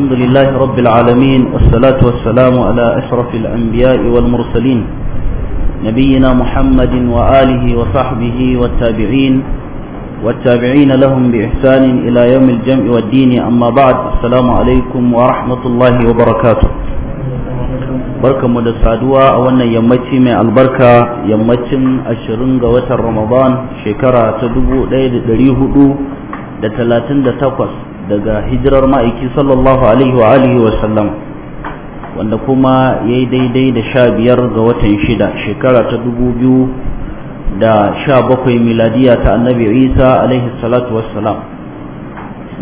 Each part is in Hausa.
الحمد لله رب العالمين والصلاة والسلام على أشرف الأنبياء والمرسلين نبينا محمد وآله وصحبه والتابعين والتابعين لهم بإحسان إلى يوم الجمع والدين أما بعد السلام عليكم ورحمة الله وبركاته barkan mu da saduwa a wannan yammaci mai albarka yammacin ashirin ga watan ramadan shekara ta dubu ɗaya da ɗari hudu da talatin da takwas daga hijirar ma'aiki sallallahu alaihi wa alihi wa sallam wanda kuma ya yi daidai da sha biyar ga watan shida shekara ta dubu biyu da sha bakwai miladiya ta annabi isa alaihi salatu wassalam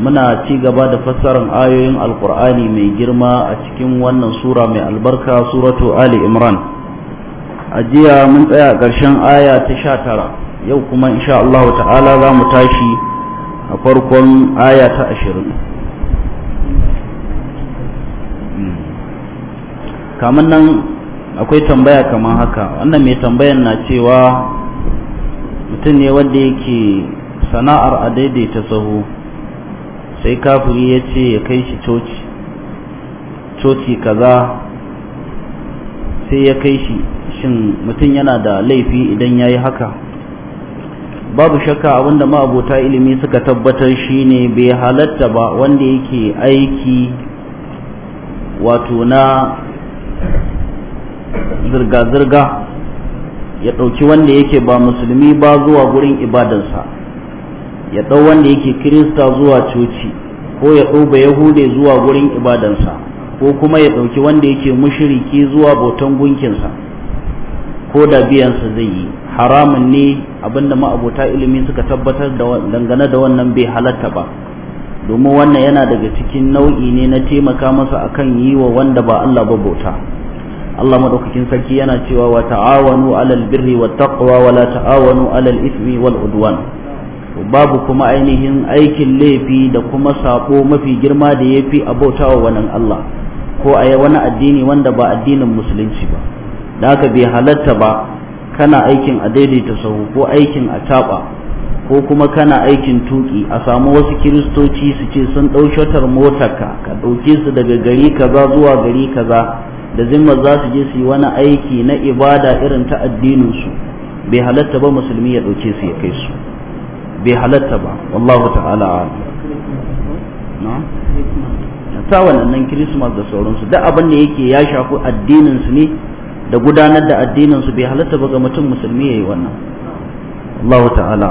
muna ci gaba da fassarar ayoyin alkur'ani mai girma a cikin wannan sura mai albarka suratu ali imran a jiya mun tsaya ƙarshen aya ta sha tara yau kuma insha Allah ta'ala za mu tashi a farkon aya ta ashirin kamar nan akwai tambaya kamar haka wannan mai tambayan na cewa mutum ne wanda yake sana'ar a daidaita sahu sai kafiri ya ce ya kai shi coci coci kaza sai ya kai shi shin mutum yana da laifi idan ya yi haka babu shakka abinda ma'abota ilimi suka tabbatar shine bai halatta ba wanda yake aiki wato na zirga-zirga ya ɗauki wanda yake ba musulmi ba zuwa gurin ibadansa ya ɗau wanda yake kirista zuwa coci ko ya ɗau ba yahude zuwa gurin ibadansa ko kuma ya ɗauki wanda yake mushiriki zuwa bautan gunkinsa ko da biyansa zai yi haramun ne abinda ma'abota ilimi suka tabbatar da dangane da wannan bai halatta ba domin wannan yana daga cikin nau'i ne na taimaka masa akan yi wa wanda ba Allah ba bauta Allah madaukakin sarki yana cewa wa ta'awanu alal birri wat taqwa wa la ta'awanu alal ithmi wal udwan babu kuma ainihin aikin laifi da kuma sako mafi girma da yafi abautawa wannan Allah ko a wani addini wanda ba addinin musulunci ba da haka bai halatta ba kana aikin a daidaita sahu ko aikin a taɓa ko kuma kana aikin tuki a samu wasu kiristoci su ce sun ɗau shatar motarka ka ɗauke su daga gari kaza zuwa gari kaza da zimmar za su je su yi wani aiki na ibada irin ta su bai halatta ba musulmi ya ɗauke su ya kai su bai halatta ba wallahu ta'ala na ta wannan kirismas da sauransu duk abin da yake ya shafi addininsu ne da gudanar da addinin su bai halatta ba ga mutum musulmi yayi wannan Allah ta'ala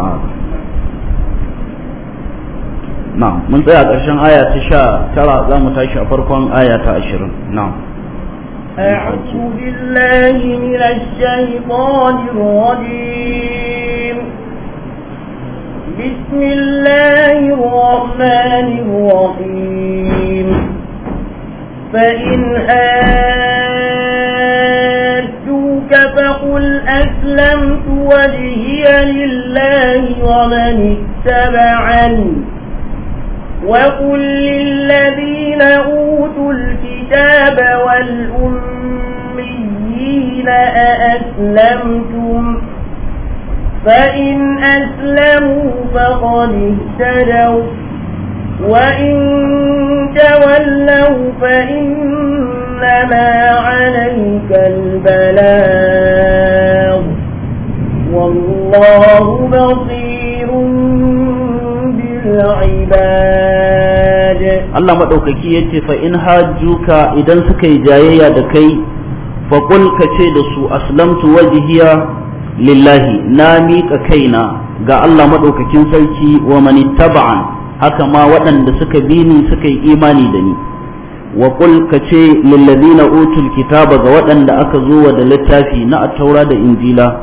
na mun tsaya ƙarshen aya ta sha tara za mu tashi a farkon aya ta ashirin na أعوذ بالله من الشيطان الرجيم بسم الله الرحمن الرحيم فإن آمنوا ربك فقل أسلمت وجهي لله ومن اتبعني وقل للذين أوتوا الكتاب والأميين أأسلمتم فإن أسلموا فقد اهتدوا وإن تولوا فإن إنما عليك البلاغ والله بصير بالعباد الله ما دوكي يتي فإن هاجوك إذا سكي جايا دكي فقل كتي دسو أسلمت وجهي lillahi na miƙa kaina ga Allah maɗaukakin sarki wa mani taba'an haka ma waɗanda suka bi ni suka yi imani da ni wa qul ka ce lillazina utul kitaba ga waɗanda aka zo wa da littafi na taura da injila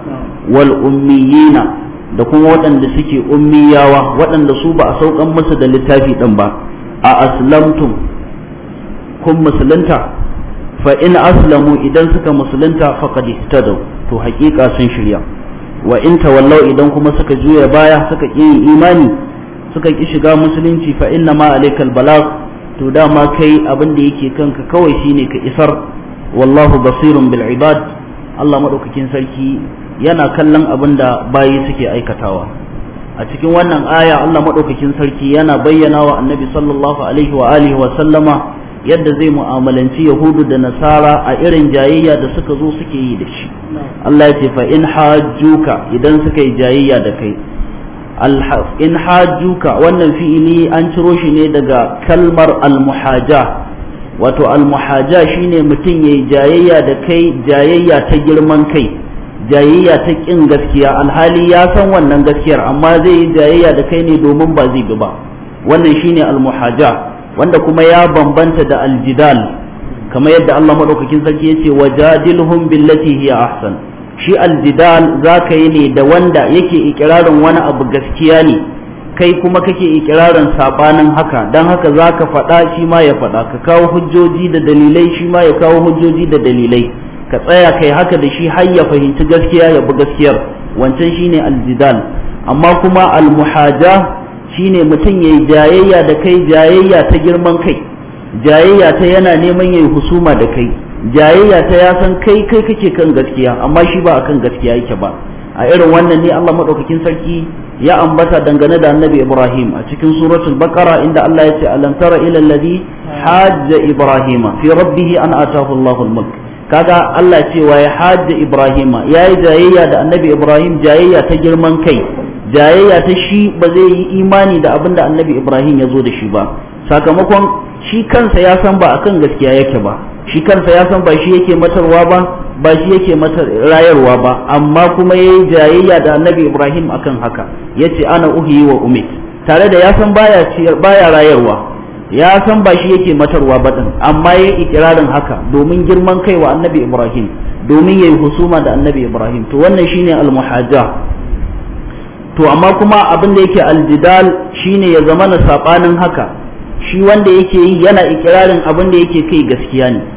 wal ummiyina da kuma waɗanda suke ummiyawa waɗanda su ba a saukan musu da littafi ɗin ba a aslamtum kun musulunta fa in aslamu idan suka musulunta faqad ihtadaw to haƙiƙa sun shirya wa in tawallaw idan kuma suka juya baya suka ƙi imani suka ƙi shiga musulunci fa inna ma alaikal balagh to dama kai abin da yake kanka kawai shine ka isar wallahu basirun bil ibad Allah madaukakin sarki yana kallon abin da bayi suke aikatawa a cikin wannan aya Allah madaukakin sarki yana bayyana wa annabi sallallahu alaihi wa alihi wa sallama yadda zai mu'amalanci yahudu da nasara a irin jayayya da suka zo suke yi da shi Allah ya ce fa in hajjuka idan suka yi jayayya da kai in hajjuka wannan fi'ili an ciro shi ne daga kalmar almuhaja wato almuhaja shine mutum yayi jayayya da kai jayayya ta girman kai jayayya ta kin gaskiya alhali ya san wannan gaskiyar amma zai yi jayayya da kai ne domin ba zai bi ba wannan shine almuhaja wanda kuma ya bambanta da aljidal kamar yadda Allah madaukakin sarki yace wajadilhum billati hiya ahsan shi aljidal za ka yi ne da wanda yake ikirarin wani abu gaskiya ne kai kuma kake ikirarin sabanin haka don haka za ka faɗa shi ma ya faɗa ka kawo hujjoji da dalilai shi ma ya kawo hujjoji da dalilai ka tsaya kai haka da shi har ya fahimci gaskiya ya bi gaskiyar wancan shine aljidal amma kuma almuhaja shine mutum yayi jayayya da kai jayayya ta girman kai jayayya ta yana neman yayi husuma da kai jayayya ta ya san kai kai kake kan gaskiya amma shi ba kan gaskiya yake ba a irin wannan ne Allah madaukakin sarki ya ambata dangane da annabi Ibrahim a cikin suratul baqara inda Allah ya ce alam tara ila alladhi hajja ibrahima fi rabbih an atahu Allahul mulk kaga Allah cewa ya hajja Ibrahima yayi jayayya da annabi Ibrahim jayayya ta girman kai jayayya ta shi ba zai yi imani da abinda annabi Ibrahim ya zo da shi ba sakamakon shi kansa ya san ba akan gaskiya yake ba shi kansa ya san ba shi yake matarwa ba ba shi yake matar rayarwa ba amma kuma yayi jayayya da annabi Ibrahim akan haka yace ana uhiyi wa umit tare da ya san baya baya rayarwa ya san ba shi yake matarwa ba din amma yayi ikirarin haka domin girman kai wa annabi Ibrahim domin yayi husuma da annabi Ibrahim to wannan shine al muhaja to amma kuma abin da yake aljidal shine ya zama na sabanin haka shi wanda yake yi yana ikirarin abin da yake kai gaskiya ne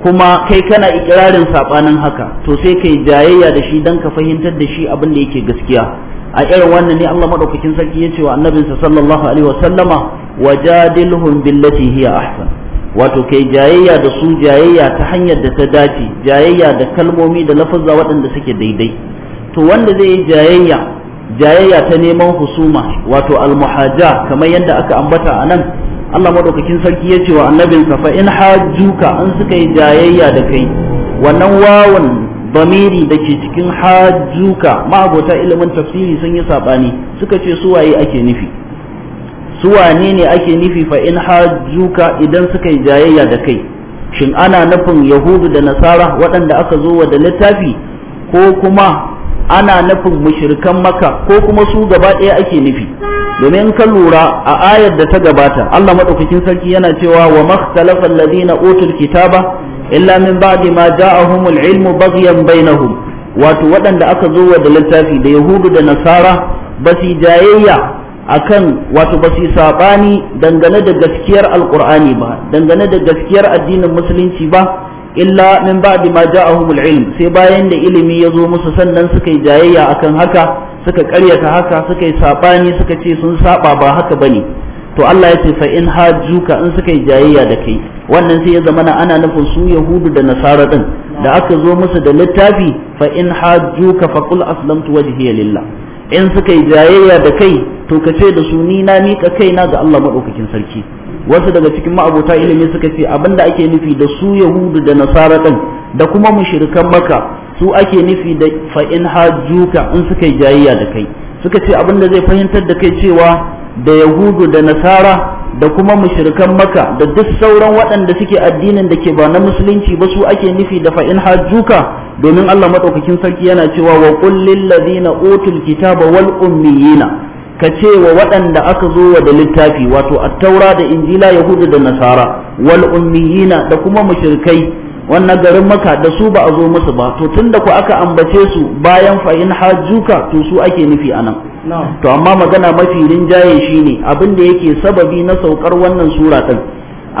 kuma kai kana ikirarin sabanin haka to sai kai jayayya da shi dan ka fahimtar da shi abin da yake gaskiya a irin wannan ne Allah madaukakin sarki ya ce wa annabinsa sallallahu alaihi wa sallama wajadilhum billati hiya ahsan wato kai jayayya da su jayayya ta hanyar da ta dace jayayya da kalmomi da lafazza waɗanda suke daidai to wanda zai yi jayayya jayayya ta neman husuma wato almuhaja kamar yadda aka ambata a nan Allah madaukakin sarki ya ce wa sa fa in hajjuka an suka yi jayayya da kai wannan wawan bamiri da ke cikin hajjuka ma'abota ilimin tafsiri sun yi saɓani suka ce su suwaye ake nufi su wane ne ake nufi fa in hajjuka idan suka yi jayayya da kai shin ana nufin yahudu da nasara waɗanda aka zo wa da littafi ko kuma ana nufin mushrikan maka ko kuma su gaba ɗaya ake nufi domin ka lura a ayar da ta gabata Allah madaukakin sarki yana cewa wa makhtalafa alladhina utul kitaba illa min ba'di ma ja'ahumul ilmu baghyan bainahum wato waɗanda aka zo wa da littafi da yahudu da nasara ba su jayayya akan wato ba su sabani dangane da gaskiyar alqur'ani ba dangane da gaskiyar addinin musulunci ba illa min ba'di ma ja'ahumul ilm sai bayan da ilimi ya zo musu sannan suka yi jayayya akan haka suka karyata haka suka yi sabani suka ce sun saba ba haka bane to Allah ya ce fa in hajuka in suka yi jayayya da kai wannan sai ya zama ana nufin su yahudu da nasara din da aka zo musu da littafi fa in hajuka fa qul aslamtu wajhiya lillah in suka yi jayayya da kai to ka ce da su ni na mika kaina ga Allah madaukakin sarki wasu daga cikin ma'abota ilimi suka ce da ake nufi da su yahudu da nasara din da kuma mushrikan maka su ake nufi da fa hajjuka in suka yi jayayya da kai suka ce abinda zai fahimtar da kai cewa da yahudu da nasara da kuma mushrikan maka da duk sauran waɗanda suke addinin da ke ba na musulunci ba su ake nufi da fain in hajjuka domin Allah madaukakin sarki yana cewa wa qul lil utul kitaba wal ummiyina ka ce wa waɗanda aka zo wa da littafi wato attaura da injila yahudu da nasara wal ummiyina da kuma mushrikai wannan garin maka da su ba a zo musu ba to tunda ku aka ambace su bayan fa in hajjuka to su ake nufi anan to amma magana mafi rinjaye shine abin da yake sababi na saukar wannan sura din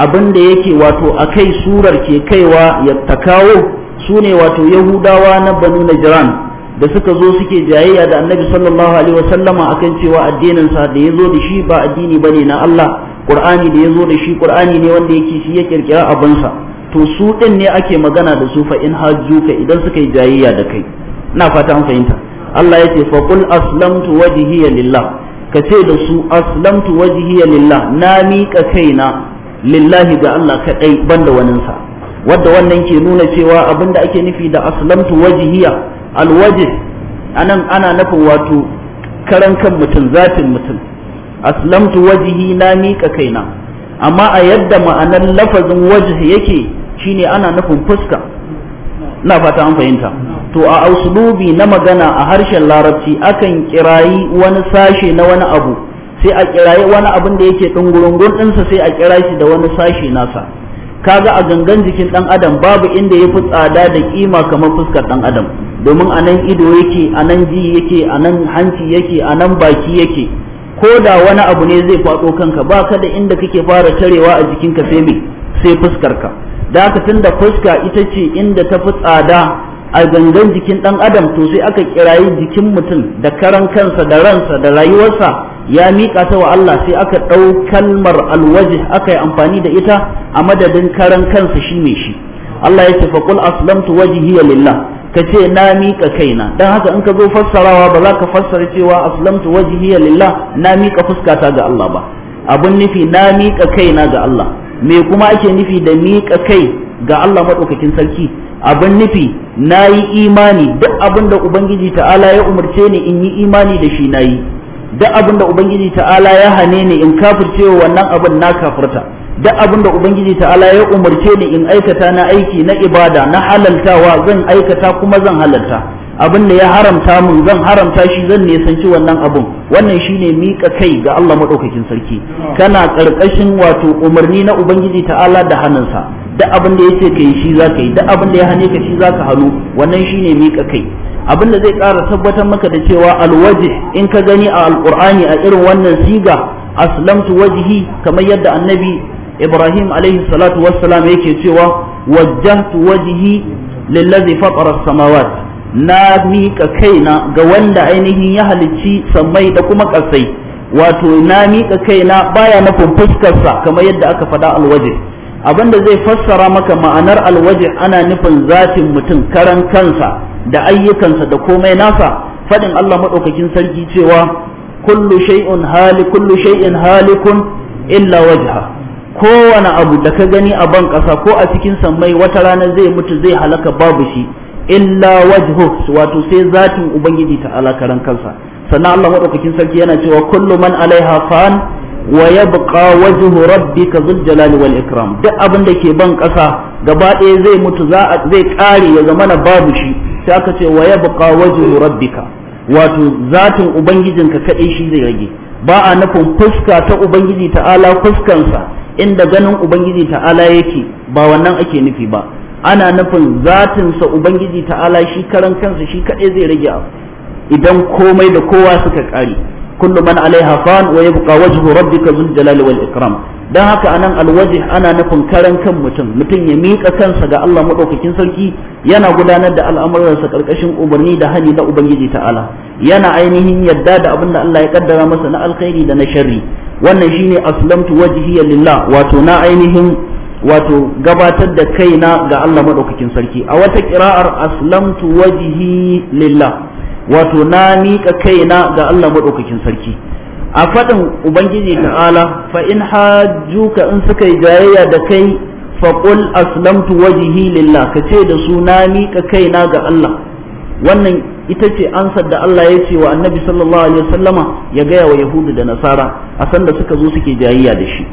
abin da yake wato akai surar ke kaiwa ya takawo sune wato yahudawa na banu Jiran. da suka zo suke jayayya da annabi sallallahu alaihi wasallama akan cewa sa da ya zo da shi ba addini ba ne na Allah qur'ani da ya zo da shi ƙur'ani ne wanda yake shi ya ƙirƙira abinsa to su ɗin ne ake magana da su fa in hajjuka idan suka yi jayayya da kai ina fata an fahimta Allah ya ce faqul aslamtu wajhiya lillah ka ce da su aslamtu wajhiya lillah na miƙa kaina lillahi ga Allah kaɗai banda waninsa wadda wannan ke nuna cewa abinda ake nufi da aslamtu wajhiya alwaje anan ana nufin wato karan kan mutum zatin mutum aslamtu wajihi na miƙa kaina amma a yadda ma'anar lafazin wajhi yake shine ana nufin fuska na fata an fahimta to a auslubi na magana a harshen larabci akan kirayi wani sashe na wani abu sai a kirayi wani abin da yake ɗungurungun ɗinsa sai a kira shi da wani sashe nasa kaga a gangan jikin ɗan adam babu inda ya fi tsada da kima kamar fuskar ɗan adam domin a nan ido yake a nan ji yake a nan hanci yake a nan baki yake ko da wani abu ne zai faɗo kanka ba ka da inda kake fara tarewa a jikinka sai me sai fuskarka da haka tunda fuska ita ce inda ta fi tsada a gangan jikin ɗan adam to sai aka kirayi jikin mutum da karan kansa da ransa da rayuwarsa ya miƙa ta wa Allah sai aka ɗau kalmar alwaji aka yi amfani da ita a madadin karan kansa shi mai shi Allah ya ce faqul aslamtu wajhiya lillah ka ce na miƙa kaina don haka in ka zo fassarawa ba za ka fassara cewa aslamtu wajhiya lillah na miƙa fuskata ga Allah ba abun nufi na miƙa kaina ga Allah me kuma ake nufi da miƙa kai ga Allah maɗaukakin sarki abun nufi na yi imani duk abin da ubangiji ta'ala ya umarce ni in yi imani da shi na yi duk abin da ubangiji ta'ala ya hane ni in kafircewa wannan abin na kafirta duk abin da ubangiji ta'ala ya umarce ni in aikata na aiki na ibada na halaltawa zan aikata kuma zan halalta abin da ya haramta mun zan haramta shi zan sanci wannan abun wannan shine miƙa kai ga Allah madaukakin sarki kana karkashin wato umarni na ubangiji ta'ala da hannunsa duk abin da yace kai shi zaka yi duk abin da ya hane ka shi zaka hannu. wannan shine miƙa kai abin da zai ƙara tabbatar maka da cewa alwaji in ka gani a alqur'ani a irin wannan siga aslamtu wajhi kamar yadda annabi ibrahim alaihi salatu wassalam yake cewa wajjahtu wajhi lillazi fatara samawat na mika kaina ga wanda ainihin ya halicci sammai da kuma kasai wato na mika kaina baya nufin fuskarsa kamar yadda aka faɗa alwaje abinda zai fassara maka ma'anar alwaje ana nufin zatin mutum karan kansa da ayyukansa da komai nasa faɗin Allah maɗaukakin sarki cewa kullu shay'un hali kullu shay'in halikun illa wajha kowane abu da ka gani a ban ƙasa ko a cikin sammai wata rana zai mutu zai halaka babu shi illa wajhu wato sai zatin ubangiji ta alakaran kansa sannan Allah madaukakin sarki yana cewa kullu man alaiha fan wa yabqa wajhu rabbika zul jalali wal ikram duk abin da ke ban ƙasa gaba ɗaya zai mutu za zai ƙare ya zama na babu shi sai aka ce wa yabqa wajhu rabbika wato zatin ubangijinka kadai shi zai rage ba a nufin fuska ta ubangiji ta'ala fuskansa inda ganin ubangiji ta'ala yake ba wannan ake nufi ba ana nufin zatinsa ubangiji ta'ala shi karan kansa shi kaɗai zai rage idan komai da kowa suka ƙare kullu man alaiha fan wa yabqa wajhu rabbika dhul jalali wal ikram dan haka anan alwajh ana nufin karan kan mutum mutum ya miƙa kansa ga Allah madaukakin sarki yana gudanar da al'amuransa karkashin umarni da hani na ubangiji ta'ala yana ainihin yadda da abin da Allah ya kaddara masa na alkhairi da na sharri wannan shine aslamtu wajhiya lillah wato na ainihin wato gabatar da kaina ga Allah madaukakin sarki a wata kira'ar aslamtu wajhi lillah wato na miƙa kaina ga Allah maɗaukakin sarki a faɗin ubangiji ta'ala fa in hajjuka in suka yi jayayya da kai fa qul aslamtu wajhi lillah ka ce da su na miƙa kaina ga Allah wannan ita ce ansar da Allah ya ce wa annabi sallallahu alaihi wasallama ya gaya wa yahudu da nasara a sanda suka zo suke jayayya da shi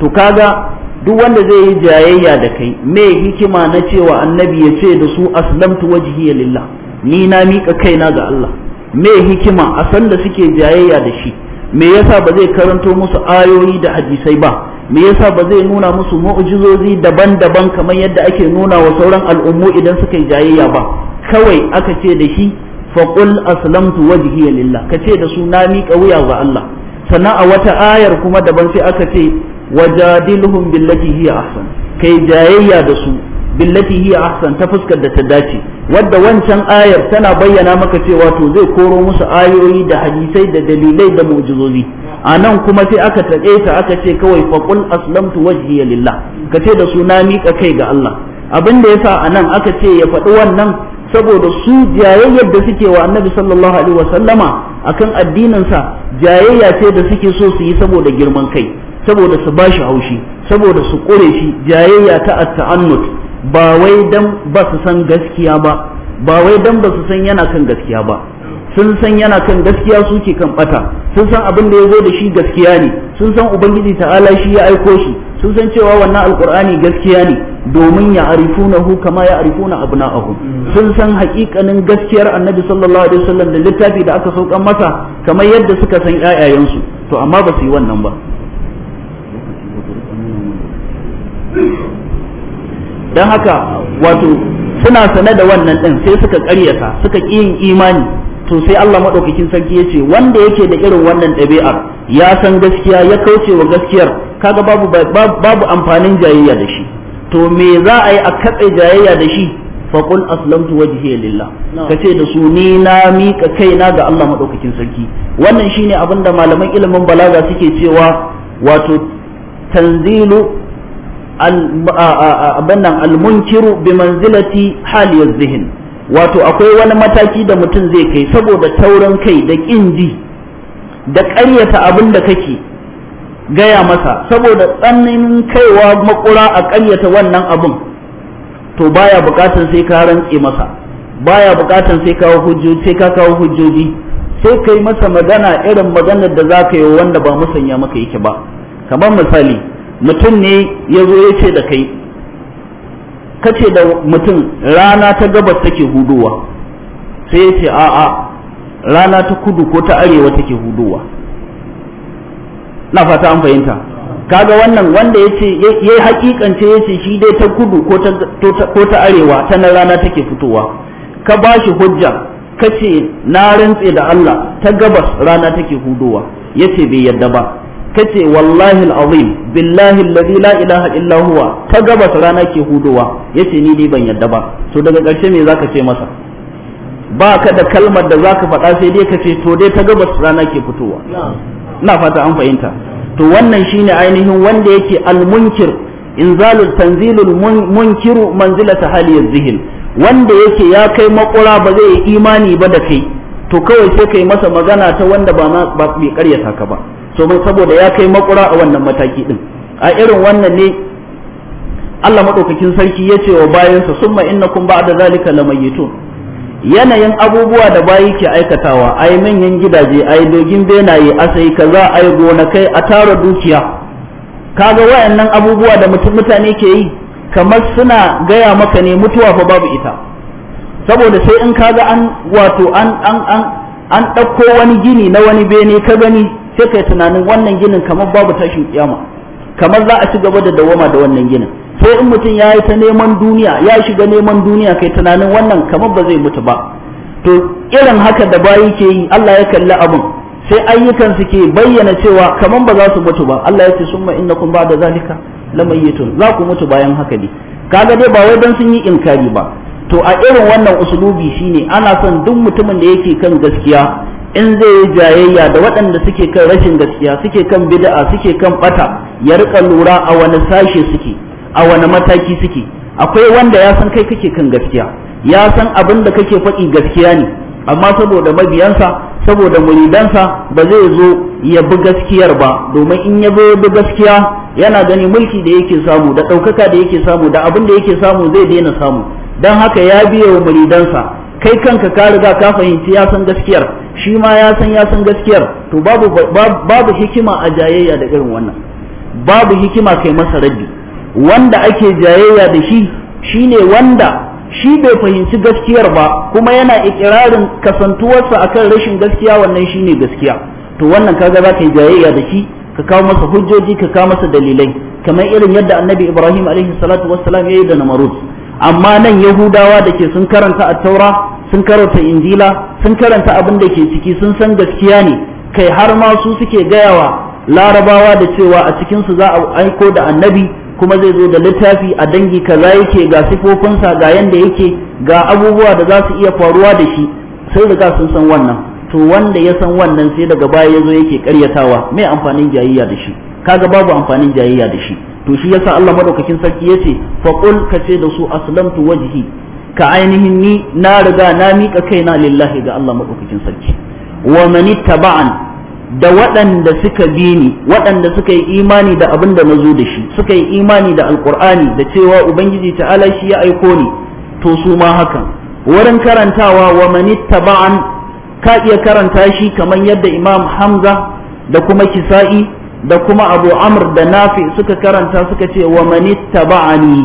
to kaga duk wanda zai yi jayayya da kai me hikima na cewa annabi ya ce da su aslamtu wajhi lillah ni na miƙa kaina ga Allah me hikima a san da suke jayayya da shi me yasa ba zai karanto musu ayoyi da hadisai ba me yasa ba zai nuna musu mu'jizozi daban-daban kamar yadda ake nuna wa sauran al'ummu idan suka yi jayayya ba kawai aka ce da shi faqul aslamtu wajhiya lillah ka ce da su na miƙa wuya ga Allah sannan a wata ayar kuma daban sai aka ce wajadilhum billati hiya ahsan kai jayayya da su billati hiya ahsan ta fuskar da ta dace wadda wancan ayar tana bayyana maka cewa to zai koro musu ayoyi da hadisai da dalilai da mu'jizozi a nan kuma sai aka taƙe ta aka ce kawai faqul aslamtu wajhiya lillah ka ce da suna na miƙa kai ga Allah abin da yasa a nan aka ce ya faɗi wannan saboda su jayayyar da suke wa annabi sallallahu alaihi wasallama akan addinin sa jayayya ce da suke so su yi saboda girman kai saboda su bashi haushi saboda su kore shi jayayya ta at ba wai dan ba su san gaskiya ba ba wai dan ba su san yana kan gaskiya ba sun san yana kan gaskiya su ke kan bata sun san abin da ya zo da shi gaskiya ne sun san ubangiji ta'ala shi ya aiko shi sun san cewa wannan alkur'ani gaskiya ne domin ya hu kama ya arifuna abu sun san hakikanin gaskiyar annabi sallallahu alaihi wasallam da littafi da aka saukan masa kamar yadda suka san ƴaƴayensu to amma ba su yi wannan ba don haka wato suna sane da wannan din sai suka karyata suka ƙi yin imani to sai Allah madaukakin sarki ya ce wanda yake da irin wannan ɗabi'ar ya san gaskiya ya kauce wa gaskiyar kaga babu babu amfanin jayayya da shi to me za a yi a katse jayayya da shi qul aslamtu wajhi lillah kace da su ni na mika kaina ga Allah madaukakin sarki wannan shine abinda malaman ilimin balaga suke cewa wato tanzilu abannan almunkiru bi manzilati haliyar zihin wato akwai wani mataki da mutum zai kai saboda taurin kai da ƙin ji da ƙaryata abin da kake gaya masa saboda tsananin kaiwa makura a ƙaryata wannan abin to baya buƙatar sai ka rantse masa baya buƙatar sai ka hujjoji sai ka kawo hujjoji sai kai masa magana irin maganar da za ka yi wanda ba musanya maka yake ba kamar misali mutum ne ya zo ya ce da kai ka ce da mutum rana ta gabas take hudowa sai ya ce a'a rana ta kudu ko ta arewa take hudowa na fata an fahimta kaga wannan wanda ya ce ya hakikance ya ce shi dai ta kudu ko ta arewa ta na rana take fitowa ka ba shi hujja ka ce na rantse da Allah ta gabas rana take hudowa ya ce bai yadda ba kace wallahi alazim billahi alladhi la ilaha illa huwa ta gabas rana ke hudowa yace ni dai ban yadda ba to daga ƙarshe me zaka ce masa ba ka da kalmar da zaka faɗa sai dai ka ce to dai ta gabas rana ke fitowa ina fata an fahimta to wannan shine ainihin wanda yake almunkir inzalul tanzilul munkiru manzilata haliyaz zihil wanda yake ya kai makura ba zai yi imani ba da kai to kawai sai kai masa magana ta wanda ba ma ba karyata ka ba to mai saboda ya kai makura a wannan mataki din a irin wannan ne Allah madaukakin sarki ya ce wa bayansa summa innakum ba'da zalika lamayitun yanayin abubuwa da bayi ke aikatawa ai manyan gidaje ai dogin benaye asai kaza ai kai a tara dukiya kaga wayannan abubuwa da mutum mutane ke yi kamar suna gaya maka ne mutuwa fa babu ita saboda sai in kaga an wato an an an an ɗauko wani gini na wani bene ka gani sai kai tunanin wannan ginin kamar babu tashin kiyama kamar za a ci gaba da dawama da wannan ginin sai in mutum ya yi ta neman duniya ya shiga neman duniya kai tunanin wannan kamar ba zai mutu ba to irin haka da bayi ke yi Allah ya kalli abin sai ayyukan su ke bayyana cewa kamar ba za su mutu ba Allah ya ce summa innakum ba'da zalika lamayyitun za ku mutu bayan haka ne kaga dai ba wai dan sun yi inkari ba to a irin wannan usulubi shine ana son duk mutumin da yake kan gaskiya in zai yi jayayya da waɗanda suke kan rashin gaskiya suke kan bid'a suke kan bata ya rika lura a wani sashe suke a wani mataki suke akwai wanda ya san kai kake kan gaskiya ya san abin da kake faɗi gaskiya ne amma saboda mabiyansa saboda muridansa ba zai zo ya bi gaskiyar ba domin in ya zo bi gaskiya yana gani mulki da yake samu da ɗaukaka da yake samu da abin da yake samu zai daina samu don haka ya biya wa muridansa kai kanka ka riga ka fahimci ya san gaskiyar shi ma ya san ya san gaskiyar to babu babu hikima a jayayya da irin wannan babu hikima kai masa raddi wanda ake jayayya da shi shine wanda shi bai fahimci gaskiyar ba kuma yana ikirarin kasantuwarsa akan rashin gaskiya wannan shine gaskiya to wannan kaga za ka yi jayayya da shi ka kawo masa hujjoji ka kawo masa dalilai kamar irin yadda annabi ibrahim alaihi salatu wassalam ya yi da namarud amma nan yahudawa da ke sun karanta a taura sun karanta injila sun karanta abin da ke ciki sun san gaskiya ne kai har ma su suke gayawa larabawa da cewa a cikinsu za a aiko da annabi kuma zai zo da littafi a dangi kaza yake ga sifofinsa ga yanda yake ga abubuwa da za su iya faruwa da shi sai riga sun san wannan to wanda ya san wannan sai daga baya ya zo yake karyatawa mai amfanin jayayya da shi kaga babu amfanin jayayya da shi to shi yasa Allah madaukakin sarki yace fa qul ka ce da su aslamtu wajhi ka ainihin ni na riga na miƙa kaina lillahi ga Allah madaukakin sarki wa man ittaba'an da waɗanda suka bi ni waɗanda suka yi imani da abin da nazo da shi suka yi imani da alqur'ani da cewa ubangiji ta'ala shi ya aiko ni to su ma haka wurin karantawa wa man ittaba'an ka iya karanta shi kamar yadda imam hamza da kuma kisa'i da kuma abu amr da nafi suka karanta suka ce wa manittaba'ani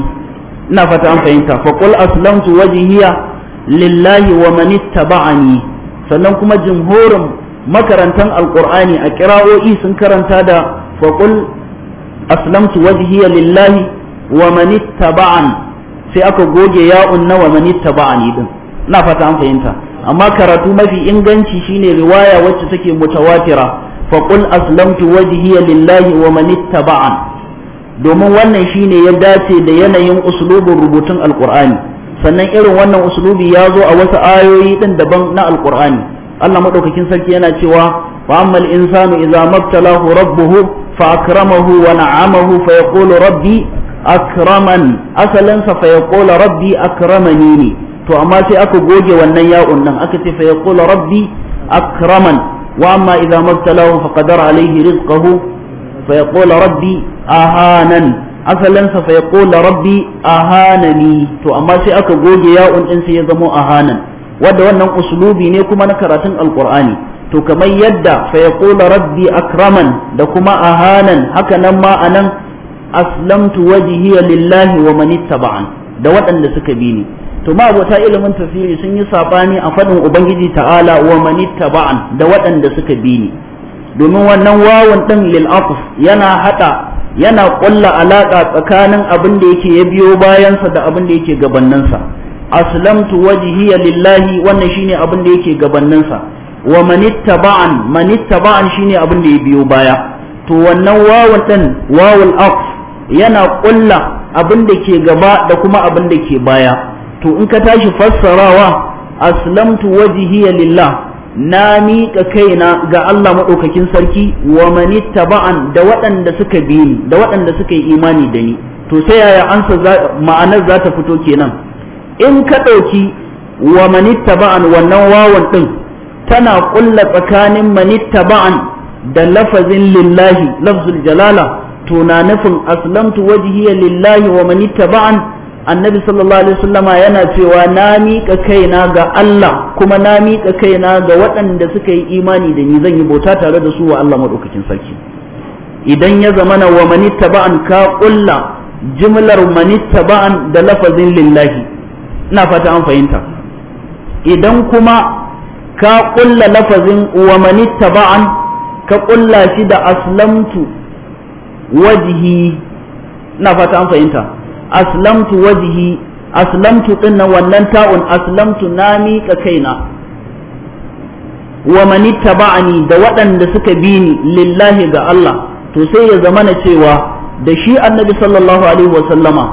ina fata an fahimta fa qul aslamtu wajhiya lillahi wa manittaba'ani sannan kuma jumhurin makarantan alqur'ani a kira'o'i sun karanta da fa qul aslamtu wajhiya lillahi wa manittaba'an sai aka goge ya'un na wa manittaba'ani din ina fata an fahimta amma karatu mafi inganci shine riwaya wacce take mutawatira faqul aslamtu wajhiya lillahi wa man domin wannan shine ya dace da yanayin uslubin rubutun alqur'ani sannan irin wannan uslubi ya zo a wasu ayoyi din daban na alqur'ani Allah madaukakin sarki yana cewa wa ammal insanu idza mabtalahu rabbuhu fa akramahu wa na'amahu fa yaqulu rabbi akraman asalansa fa yaqulu rabbi akramani ne to amma sai aka goge wannan ya'un nan aka ce fa yaqulu rabbi akraman وأما إذا ما ابتلاه فقدر عليه رزقه فيقول ربي أهانا asalinsa fa yaqulu rabbi ahanani to amma sai aka goge ya'un din ya zamo ahanan wanda wannan uslubi ne kuma na karatun alqur'ani to kamar yadda fa yaqulu rabbi akraman da kuma ahanan haka nan ma anan aslamtu wajhiya lillahi wa man ittaba'an da waɗanda suka bi ni to ma abota ilimin tafsiri sun yi sabani a faɗin ubangiji ta'ala wa manittaba'an da waɗanda suka bi ni domin wannan wawan ɗin lil yana haɗa yana ƙulla alaƙa tsakanin abin da yake ya biyo bayansa da abin da yake gabanninsa aslamtu wajhiya lillahi wannan shine abin da yake gabanninsa wa manittaba'an manittaba'an shine abin da ya biyo baya to wannan wawan ɗin wawul aqf yana ƙulla abin da ke gaba da kuma abin da ke baya to in ka tashi fassarawa aslamtu wajhiya lillah na miƙa kaina ga Allah maɗaukakin sarki wa mani taba'an da waɗanda suka bi ni da waɗanda suka yi imani da ni to sai yaya ansa ma'anar za ta fito kenan in ka ɗauki wa mani taba'an wannan wawan ɗin tana ƙulla tsakanin mani taba'an da lafazin lillahi lafzul jalala to na nufin aslamtu wajhiya lillahi wa mani taba'an annabi sallallahu alaihi wasallama yana cewa na miƙa kaina ga Allah kuma na miƙa kaina ga waɗanda suka yi imani da ni zan yi bauta tare da su wa Allah madaukakin sarki idan ya zamana wa manittaba'an ka ƙulla jimlar manittaba'an da lafazin lillahi ina fata an fahimta idan kuma ka ƙulla lafazin wa manittaba'an ka ƙulla shi da aslamtu wajihi, ina fata an fahimta aslamtu wajihi aslamtu dinnan wannan ta'un aslamtu na miƙa kaina wa mani taba'ani da waɗanda suka bi ni lillahi ga Allah to sai ya zamana cewa da shi annabi sallallahu alaihi wa sallama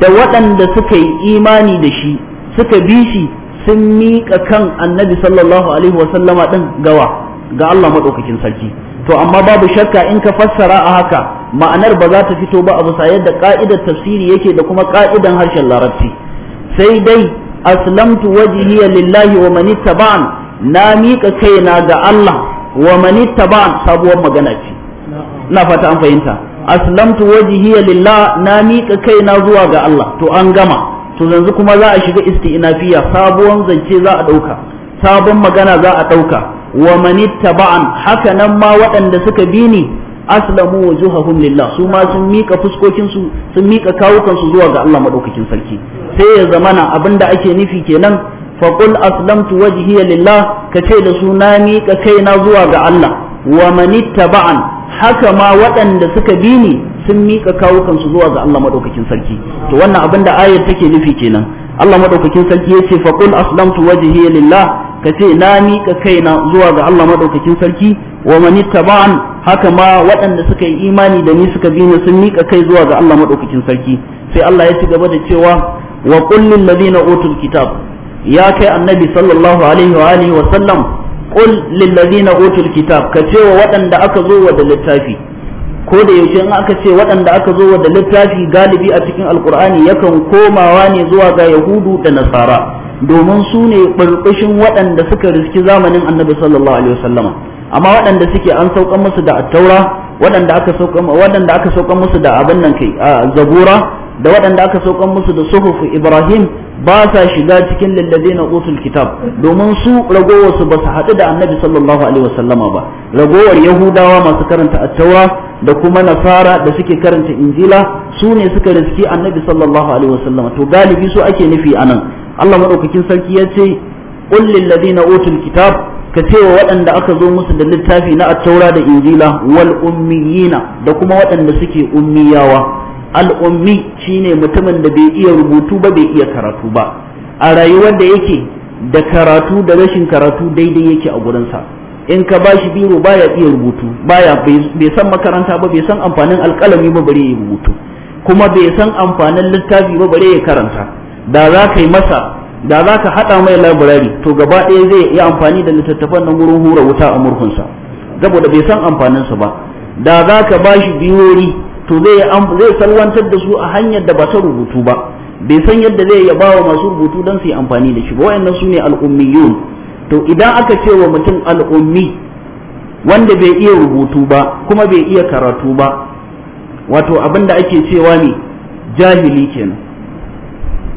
da waɗanda suka yi imani da shi suka bi shi sun miƙa kan annabi sallallahu alaihi wa sallama ɗin gawa ga Allah maɗaukakin sarki to amma babu shakka in ka fassara a haka ma'anar ba za ta fito ba a bisa yadda ka'idar tafsiri yake da kuma ka'idan harshen larabci sai dai aslamtu wajhiya lillahi wa man ittaba'an na miƙa kaina ga Allah wa man ittaba'an sabuwar magana ce na fata an fahimta aslamtu wajhiya lillah na miƙa kaina zuwa ga Allah to an gama to yanzu kuma za a shiga isti'nafiya sabuwar zance za a ɗauka sabon magana za a ɗauka wa man ittaba'an haka nan ma waɗanda suka bi ni aslamu wujuhahum lillah su ma sun mika fuskokinsu sun mika kawukansu zuwa ga Allah madaukakin sarki sai ya zamana abinda ake nufi kenan fa qul aslamtu wajhiya lillah ka ce da su na mika kaina zuwa ga Allah wa manittaba'an haka ma waɗanda suka bi ni sun mika kawukansu zuwa ga Allah madaukakin sarki to wannan abinda ayar take nufi kenan Allah madaukakin sarki yace fa qul aslamtu wajhiya lillah ka ce na mika kaina zuwa ga Allah madaukakin sarki wa manittaba'an haka ma waɗanda suka yi imani da ni suka bi ni sun mika kai zuwa ga Allah maɗaukakin sarki sai Allah ya ci gaba da cewa wa qul lil ladina utul kitab ya kai annabi sallallahu alaihi wa alihi wa sallam qul lil ladina utul kitab ka ce wa waɗanda aka zo wa da littafi ko da yaushe in aka ce waɗanda aka zo wa da littafi galibi a cikin alqur'ani yakan komawa ne zuwa ga yahudu da nasara domin su ne waɗanda suka riski zamanin annabi sallallahu alaihi amma waɗanda suke an saukan musu da taura waɗanda aka saukan waɗanda aka saukan musu da abin nan kai zabura da waɗanda aka saukan musu da suhufu ibrahim ba sa shiga cikin lillazina utul kitab domin su ragowar su ba su haɗu da annabi sallallahu alaihi wasallama ba ragowar yahudawa masu karanta attaura da kuma nasara da suke karanta injila su ne suka riski annabi sallallahu alaihi wasallama to galibi su ake nufi anan Allah madaukakin sarki ya ce qul lillazina utul kitab ka ce wa waɗanda aka zo musu da littafi na attaura da injila wal ummiyina da kuma waɗanda suke ummiyawa al ummi shine mutumin da bai iya rubutu ba bai iya karatu ba a rayuwar da yake da karatu da rashin karatu daidai yake a gurinsa in ka bashi biro baya iya rubutu baya bai san makaranta ba bai san amfanin alƙalami ba bare ya rubutu kuma bai san amfanin littafi ba bare ya karanta da za ka yi masa da za ka haɗa mai labirari to gaba ɗaya zai yi amfani da littattafan na wurin hura wuta a murhunsa saboda bai san amfaninsa ba da za ka ba shi biyori to zai salwantar da su a hanyar da ba ta rubutu ba bai san yadda zai ya bawa masu rubutu don su yi amfani da shi ba wayannan su ne al'ummiyun to idan aka ce wa mutum al'ummi wanda bai iya rubutu ba kuma bai iya karatu ba wato abin da ake cewa ne jahili kenan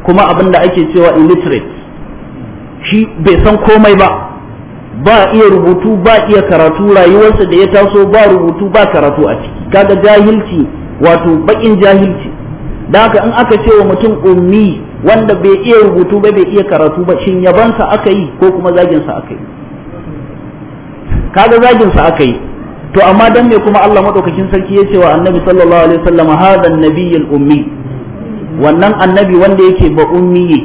kuma abin da ake cewa illiterate shi bai san komai ba ba iya rubutu ba iya karatu rayuwarsa da ya taso ba rubutu ba karatu a ciki kaga jahilci wato bakin jahilci da haka in aka cewa mutum ummi wanda bai iya rubutu ba bai iya karatu ba shin yabansa aka yi ko kuma zaginsa aka yi kaga zaginsa aka yi to amma dan me kuma Allah madaukakin sarki ya ce wa annabi sallallahu alaihi wasallam hadan nabiyul ummi wannan annabi wanda yake ba ummiye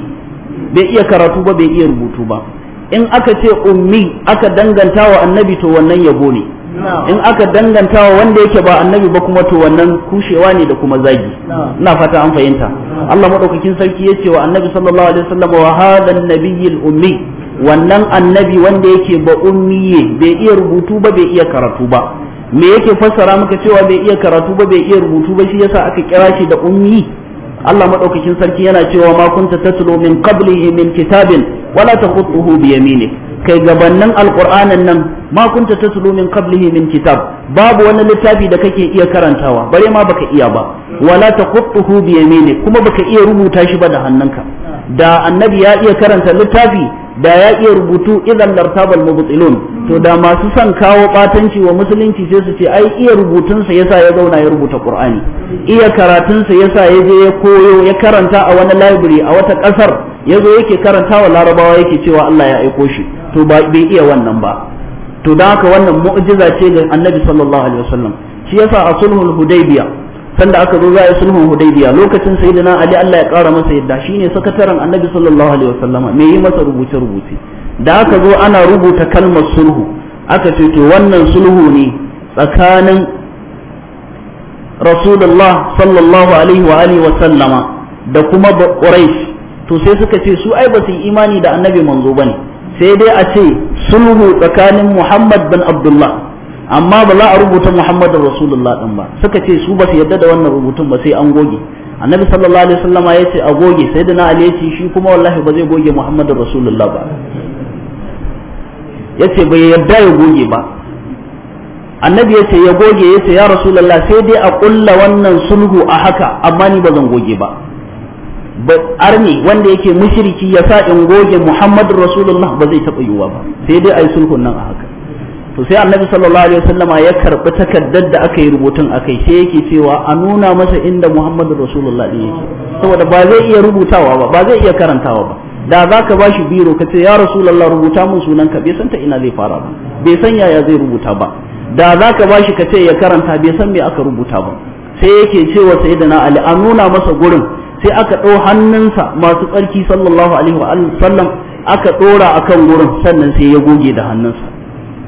bai iya karatu ba bai iya rubutu ba in aka ce ummi aka danganta wa annabi to wannan yabo ne in aka danganta wa wanda yake ba annabi ba kuma to wannan kushewa ne da kuma zagi ina fata an fahimta Allah madaukakin sarki yace wa annabi sallallahu alaihi wasallam wa hadha an-nabiyyi ummi wannan annabi wanda yake ba ummiye bai iya rubutu ba bai iya karatu ba me yake fassara maka cewa bai iya karatu ba bai iya rubutu ba shi yasa aka kira shi da ummi Allah madaukakin sarki yana cewa ma kunta tatlu min qablihi min kitabin wala takhutuhu bi yamini kai gabannin alqur'anin nan ma kunta tatlu min qablihi min kitab babu wani littafi da kake iya karantawa bare ma baka iya ba wala takhutuhu bi yamini kuma baka iya rubuta shi ba da hannunka da annabi ya iya karanta littafi da ya iya rubutu idan lartabal mubtilun to da masu son kawo batanci wa musulunci sai su ce ai iya rubutunsa yasa ya zauna ya rubuta qur'ani iya karatunsa yasa ya je ya koyo ya karanta a wani library a wata kasar ya zo yake karanta wa larabawa yake cewa Allah ya aiko shi to ba bai iya wannan ba to da haka wannan mu'jiza ce ga annabi sallallahu alaihi wasallam shi yasa a sulhul hudaybiya sanda aka zo za a yi sulhun hudaybiya lokacin sayyidina ali Allah ya kara masa yadda shine sakataren annabi sallallahu alaihi wasallama me yi masa rubuce rubuce da aka zo ana rubuta kalmar sulhu aka ce to wannan sulhu ne tsakanin rasulullah sallallahu alaihi wa alihi wa sallama da kuma quraish to sai suka ce su ai ba su imani da annabi manzo bane sai dai a ce sulhu tsakanin muhammad bin abdullah amma ba za a rubuta muhammad rasulullah din ba suka ce su ba su yadda da wannan rubutun ba sai an goge annabi sallallahu alaihi wasallama ya ce a goge sai da na ali ya shi kuma wallahi ba zai goge muhammad rasulullah ba yace bai yadda ya goge ba annabi yace ya goge yace ya rasulullah sai dai a kulla wannan sulhu a haka amma ni ba zan goge ba arni wanda yake mushriki ya sa in goge muhammadu rasulullah ba zai taɓa yiwuwa ba sai dai a yi sulhun nan a haka to sai annabi sallallahu alaihi wasallama ya karɓi takaddar da aka yi rubutun akai sai yake cewa a nuna masa inda muhammadu rasulullah ɗin yake saboda ba zai iya rubutawa ba ba zai iya karantawa ba da za ka ba shi biro ka ce ya rasulallah rubuta mun sunan ka bai san ina zai fara ba bai san yaya zai rubuta ba da za ka ba shi ka ce ya karanta bai san me aka rubuta ba sai yake cewa na ali an nuna masa gurin sai aka ɗau hannunsa masu tsarki sallallahu alaihi wa sallam aka ɗora a kan gurin sannan sai ya goge da hannunsa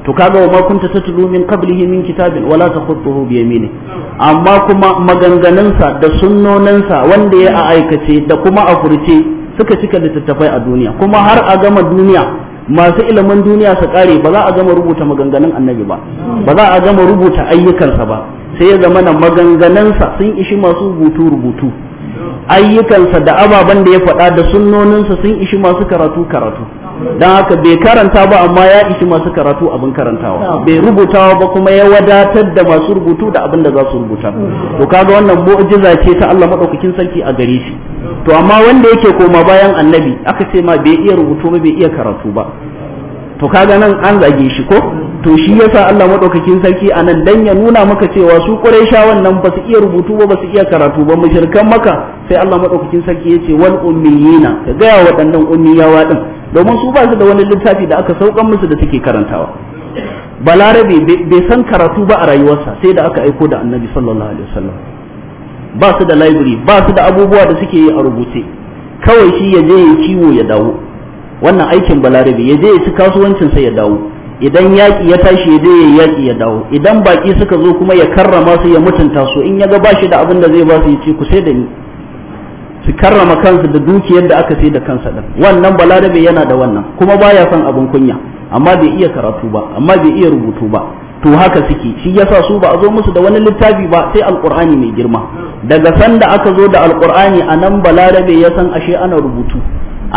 to kaga wa ma kunta tatlu min qablihi min kitabin wala takhutuhu bi yamini amma kuma maganganunsa da sunnonansa wanda ya a aikace da kuma a furce suka cika littattafai a duniya kuma har a gama duniya masu ilimin duniya su kare ba za a gama rubuta maganganun annabi ba ba za a gama rubuta ayyukansa ba sai ya zama na maganganunsa sun ishi masu rubutu rubutu ayyukansa da ababen da ya faɗa da sunnoninsa sun ishi masu karatu karatu don haka bai karanta ba amma ya ishi masu karatu abin karantawa bai rubutawa ba kuma ya wadatar da masu rubutu da abin da za su rubuta to kaga wannan mu'jiza ce ta Allah madaukakin sarki a gare shi to amma wanda yake koma bayan annabi aka ce ma bai iya rubutu ba bai iya karatu ba to kaga nan an zage shi ko to shi yasa Allah madaukakin sarki a nan dan ya nuna maka cewa su quraisha wannan ba su iya rubutu ba ba su iya karatu ba mushrikan maka sai Allah madaukakin sarki ya yace wal ummiyina ka ga waɗannan ummiyawa din domin su ba su da wani littafi da aka saukan musu da suke karantawa balarabe bai san karatu ba a rayuwarsa sai da aka aiko da annabi sallallahu alaihi wasallam ba su da library ba su da abubuwa da suke yi a rubuce kawai shi ya je ya ciwo ya dawo wannan aikin balarabe ya je ya ci kasuwancin sa ya dawo idan yaƙi ya tashi ya je ya yaƙi ya dawo idan baƙi suka zo kuma ya karrama su ya mutunta su in ya ga ba shi da abin da zai ba su ya ci ku sai da ni su karrama kansu da dukiyar da aka sai da kansa din wannan balarabe yana da wannan kuma baya son abin kunya amma bai iya karatu ba amma bai iya rubutu ba to haka suke shi yasa su ba a zo musu da wani littafi ba sai alqur'ani mai girma daga sanda aka zo da alqur'ani anan balarabe ya san ashe ana rubutu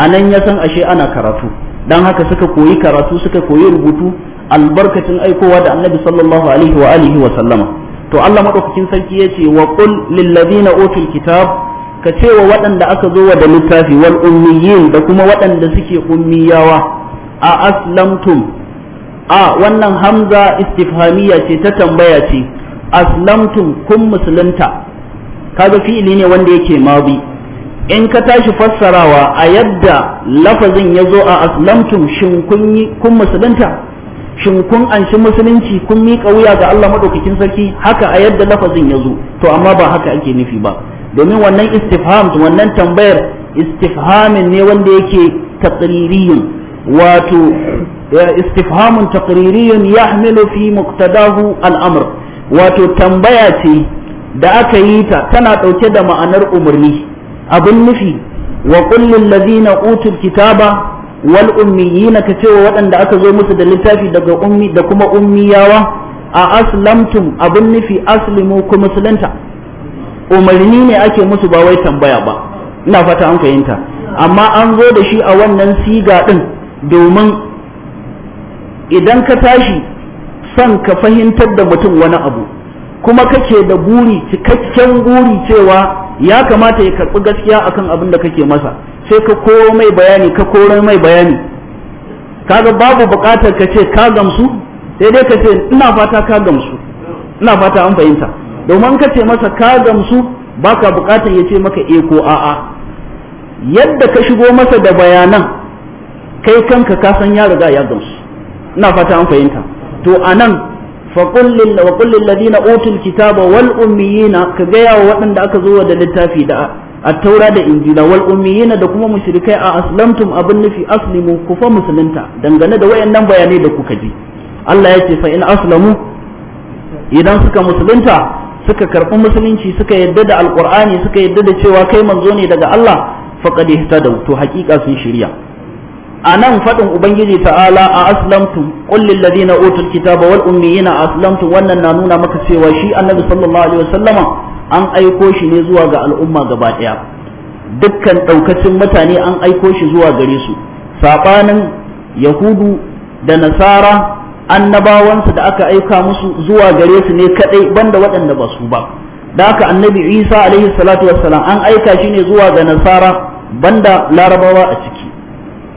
anan ya san ashe ana karatu dan haka suka koyi karatu suka koyi rubutu albarkacin aikowa da annabi sallallahu alaihi wa alihi wa sallama to Allah madaukakin sarki yace wa qul lil ladina utul kitab ka ce wa waɗanda aka zo wa da littafi wal ummiyin da kuma waɗanda suke ummiyawa a aslamtum a wannan hamza istifhamiya ce ta tambaya ce aslamtum kun musulunta kaga fi'ili ne wanda yake mabi in ka tashi fassarawa a yadda lafazin ya zo a aslamtum shin kun musulunta shin kun anshi musulunci kun miƙa wuya ga Allah maɗaukakin sarki haka a yadda lafazin ya zo to amma ba haka ake nufi ba domin wannan istifham wannan tambayar istifhamin ne wanda yake taqririyin wato istifhamun taqririyin yahmilu fi muqtadahu al'amur wato tambaya ce da aka yi ta tana ɗauke da ma'anar umarni abin nufi wa kullum lazina utul kitaba wal na ka cewa waɗanda aka zo musu da littafi daga ummi da kuma ummiyawa a aslamtum abin nufi aslimu ku musulunta umarni ne ake musu ba wai tambaya ba ina fata an fahimta amma an zo da shi a wannan siga din domin idan ka tashi son ka fahimtar da mutum wani abu kuma kake da buri cikakken buri cewa ya kamata ya karɓi gaskiya akan abin da kake masa sai ka koro mai bayani ka koro mai bayani kaga babu buƙatar ka ce ka gamsu sai dai ka ce ina fata ka gamsu ina fata an fahimta domin ka ce masa ka gamsu baka bukatar ya ce maka eh ko a'a yadda ka shigo masa da bayanan kai kanka ka san ya riga ya gamsu ina fata an fahimta to anan فقل لل... وقل للذين اوتوا ka والاميين كجيا waɗanda aka zo da littafi da taura da injila wal ummiyina da kuma mushrikai a aslamtum abin nufi aslimu ku fa musulunta dangane da wayannan bayanai da kuka ji Allah ya ce fa in aslamu idan suka musulunta suka karɓi musulunci suka yadda da alƙur'ani suka yadda da cewa kai manzo ne daga Allah faqad ihtadaw to haƙiƙa sun shirya anan faɗin ubangiji ta'ala a aslamtu qul lil ladina utul kitaba wal ummiyina aslamtu wannan na nuna maka cewa shi annabi sallallahu alaihi wasallama an aiko shi ne zuwa ga al'umma gaba daya dukkan ɗaukacin mutane an aiko shi zuwa gare su saɓanin yahudu da nasara annabawansu da aka aika musu zuwa gare su ne kadai banda waɗanda ba su ba da haka annabi isa alaihi salatu wassalam an aika shi ne zuwa ga nasara banda larabawa a ciki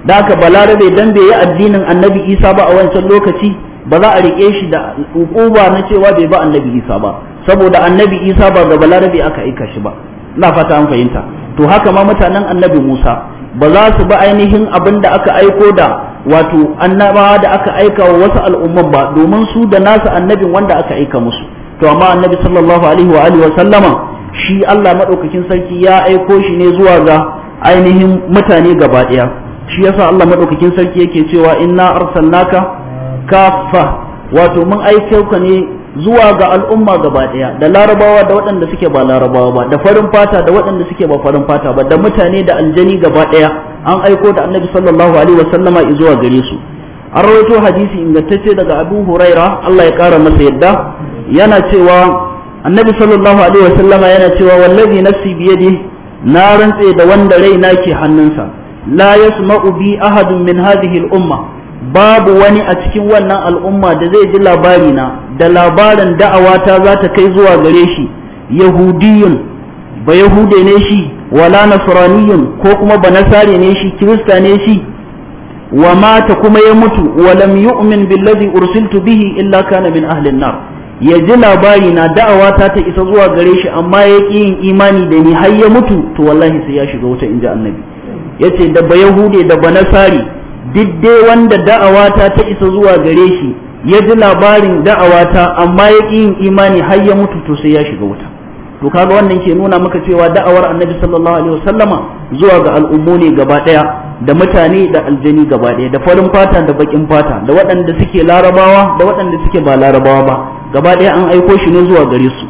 da haka balarabe dan bai yi addinin annabi isa ba a wancan lokaci ba za a riƙe shi da hukuma na cewa bai ba annabi isa ba saboda annabi isa ba ga balarabe aka aika shi ba ina fata an fahimta to haka ma mutanen annabi musa ba za su bi ainihin abin da aka aiko da wato annabawa da aka aika wa wasu al'umman ba domin su da nasu annabin wanda aka aika musu to amma annabi sallallahu alaihi wa alihi wa sallama shi Allah madaukakin sarki ya aiko shi ne zuwa ga ainihin mutane gaba daya shi yasa Allah madaukakin sarki yake cewa inna arsalnaka kaffa wato mun aike ka ne zuwa ga al'umma gaba ɗaya da larabawa da waɗanda suke ba larabawa ba da farin fata da waɗanda suke ba farin fata ba da mutane da aljani gaba ɗaya an aiko da annabi sallallahu alaihi wa sallama zuwa gare su an rawaito hadisi ingantacce daga abu huraira allah ya ƙara masa yadda yana cewa annabi sallallahu alaihi wa sallama yana cewa wallazi nafsi biyadihi na rantse da wanda raina ke hannunsa la yasma'u bi ahadun min hadhihi al-umma babu wani a cikin wannan al'umma da zai ji labari na da labarin da'awata za ta kai zuwa gare shi yahudiyun ba yahude ne shi wala nasraniyun ko kuma ba nasare ne shi kirista ne shi wa mata kuma ya mutu wa lam yu'min billazi ursiltu bihi illa kana min ahli nar ya ji labari na da'awata ta isa zuwa gare shi amma ya ƙi yin imani da ni har ya mutu to wallahi sai ya shiga wuta inji annabi yace da ba yahude da ba nasari duk dai wanda da'awata ta isa zuwa gare shi ya ji labarin da'awata amma ya ƙi yin imani har ya mutu to sai ya shiga wuta to kaga wannan ke nuna maka cewa da'awar annabi sallallahu alaihi wasallama zuwa ga al'ummu ne gaba ɗaya da mutane da aljani gaba ɗaya da farin fata da baƙin fata da waɗanda suke larabawa da waɗanda suke ba larabawa ba gaba ɗaya an aiko shi ne zuwa gare su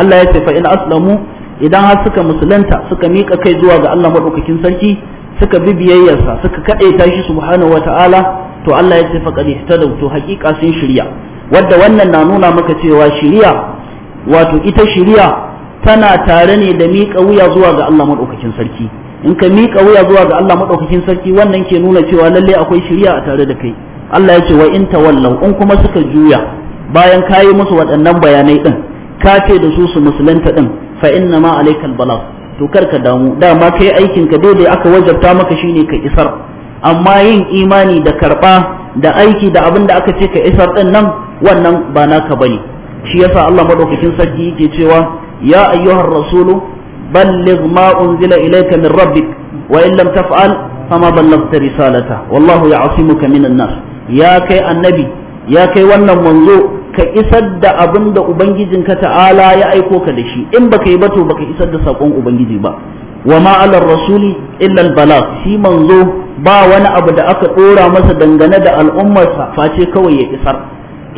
Allah ya ce fa in aslamu idan har suka musulunta suka miƙa kai zuwa ga Allah madaukakin sarki suka bi biyayyarsa suka kaɗaita shi subhanahu wata'ala to Allah ya ce faqad ta to hakika sun shirya wadda wannan na nuna maka cewa shirya wato ita shirya tana tare ne da miƙa wuya zuwa ga Allah maɗaukakin sarki in ka miƙa wuya zuwa ga Allah maɗaukakin sarki wannan ke nuna cewa lallai akwai shirya a tare da kai Allah ya ce wa in tawallaw in kuma suka juya bayan kayi musu waɗannan bayanai ɗin ka ce da su su musulunta ɗin fa inna ma alaikal bala to kar ka damu dama kai aikin ka daidai aka wajabta maka shine ka isar amma yin imani da karɓa da aiki da abin da aka ce ka isar din nan wannan ba naka bane shi yasa Allah madaukakin sarki yake cewa ya ayyuhar rasulu balligh ma unzila ilayka min rabbik wa in lam taf'al fama ballaghta risalata wallahu ya'simuka minan nas ya kai annabi ya kai wannan manzo ka isar da abin da ubangijinka ta'ala ya aiko ka da shi in baka yi ba to baka isar da sakon ubangiji ba wa ma ala rasuli illa al-balagh shi manzo ba wani abu da aka dora masa dangane da al'ummarsa face kawai ya isar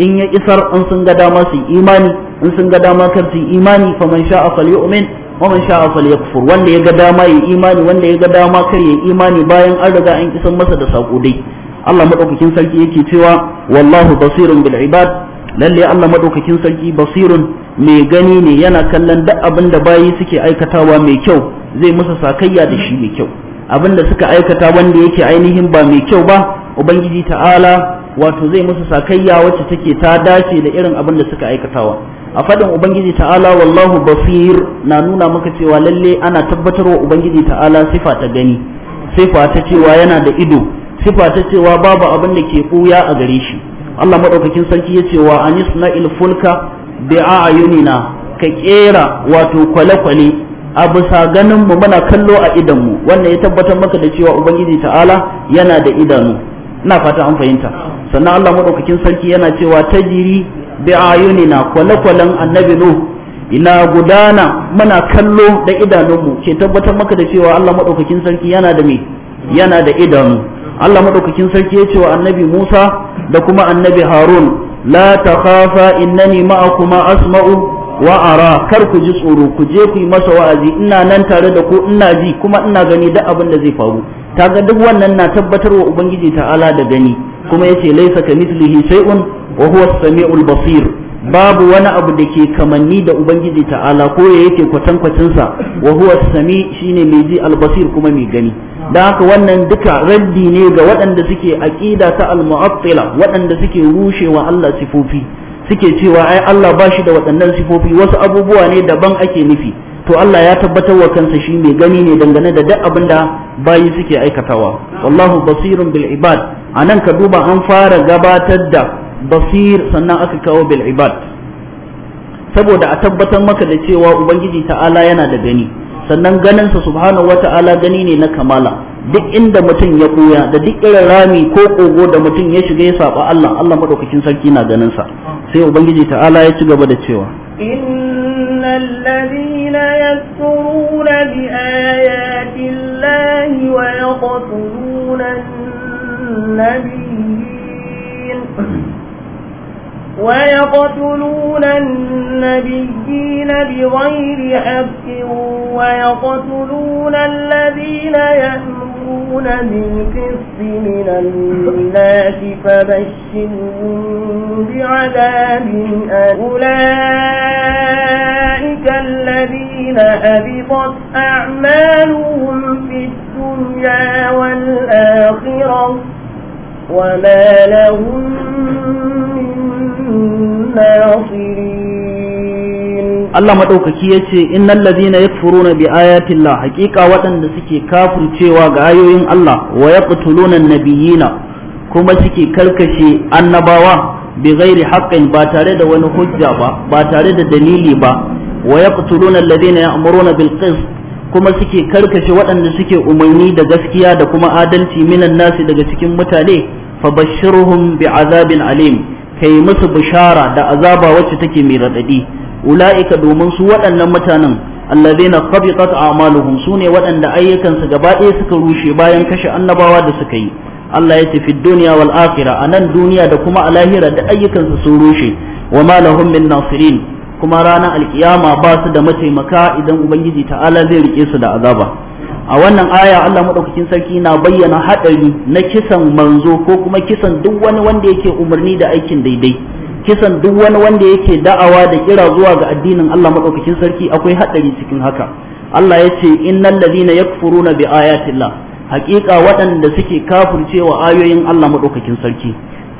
in ya isar in sun ga dama su imani in sun ga dama kar su imani fa man sha'a falyu'min wa man sha'a falyakfur wanda ya ga dama ya imani wanda ya ga dama kar ya imani bayan an riga an isar masa da sako dai Allah madaukakin sarki yake cewa wallahu basirun bil ibad lalle Allah madaukakin sarki basirun mai gani ne yana kallon duk abin da bayi suke aikatawa mai kyau zai masa sakayya da shi mai kyau abinda suka aikata wanda yake ainihin ba mai kyau ba ubangiji ta'ala wato zai masa sakayya wacce take ta dace da irin abin da suka aikatawa a fadin ubangiji ta'ala wallahu basir na nuna maka cewa lalle ana tabbatarwa ubangiji ta'ala sifa ta gani sifa ta cewa yana da ido sifa ta cewa babu abin da ke kuya a gare shi Allah madaukakin sarki yace wa anisna il fulka bi a'yunina ka kera wato kwale-kwale a bisa ganin mu muna kallo a idan mu wannan ya tabbatar maka da cewa ubangiji ta'ala yana da idanu ina fata an fahimta sannan Allah madaukakin sarki yana cewa tajiri bi ayunina kwale-kwalen annabi nu ina gudana muna kallo da idanunmu ke tabbatar maka da cewa Allah madaukakin sarki yana da me yana da idanu Allah madaukakin sarki ya ce wa annabi Musa da kuma annabi Harun la takhafa innani ma'akuma asma'u wa ara kar ku ji tsoro ku je ku yi masa wa'azi ina nan tare da ku ina ji kuma ina gani duk abin da zai faru taga duk wannan na tabbatar wa ubangiji ta'ala da gani kuma yace laisa ka mislihi shay'un wa huwa as-sami'ul basir babu wani abu da ke kamanni da ubangiji ta'ala ko ya yake kwatankwacin sa wa huwa as-sami shine mai ji al-basir kuma mai gani dan haka wannan duka raddi ne ga waɗanda suke aqida ta al-mu'attila waɗanda suke rushewa Allah sifofi suke cewa ai Allah ba shi da waɗannan sifofi wasu abubuwa ne daban ake nufi to Allah ya tabbatar wa kansa shi mai gani ne dangane da duk abin da bayi suke aikatawa wallahu basirun bil ibad anan ka duba an fara gabatar da basir sannan aka kawo bil ibad saboda a tabbatar maka da cewa ubangiji ta'ala yana da gani sannan ganinsa subhanahu ta'ala, gani ne na kamala duk inda mutum ya koya da duk irin rami ko kogo da mutum ya shiga ya saba Allah Allah madaukakin sarki na ganinsa sai ubangiji ta'ala ya ci gaba da cewa innal ladina yaskuruna bi ayati llahi wa yaqtuluna nabiyyin ويقتلون النبيين بغير حق ويقتلون الذين يأمرون بالقسط من الناس فبشرهم بعذاب أولئك الذين هبطت أعمالهم في الدنيا والآخرة وما لهم Allah الناصرين in مدوكaki yace ya ladina na bi ayati Allah haqiqa waɗanda suke kafircewa ga ayoyin Allah wa yaqtuluna nabiyina kuma suke karkashe annabawa bi gairi haqqin ba tare da wani hujja ba ba tare da dalili ba wa yaqtuluna alladhina ya'muruna bil qist kuma suke karkashe waɗanda suke umarni da gaskiya da kuma adalci minan nasi daga cikin mutane fa bashirhum bi azabin alim kai musu bishara da azaba wacce take mai raɗaɗi ula'ika domin su waɗannan mutanen allazina khabitat a'maluhum sune waɗanda ayyukansu gaba ɗaya suka rushe bayan kashe annabawa da suka yi Allah ya tafi fi duniya wal akhirah anan duniya da kuma a lahira da ayyukansu sun rushe wa ma lahum min nasirin kuma ranar alkiyama ba su da mataimaka idan ubangiji ta'ala zai rike su da azaba a wannan aya Allah madaukakin sarki na bayyana hadari na kisan manzo ko kuma kisan duk wani wanda yake umarni da aikin daidai kisan duk wani wanda yake da'awa da kira zuwa ga addinin Allah madaukakin sarki akwai hadari cikin haka Allah ya ce innal ladina yakfuruna bi ayatillah haqiqa waɗanda suke kafircewa ayoyin Allah madaukakin sarki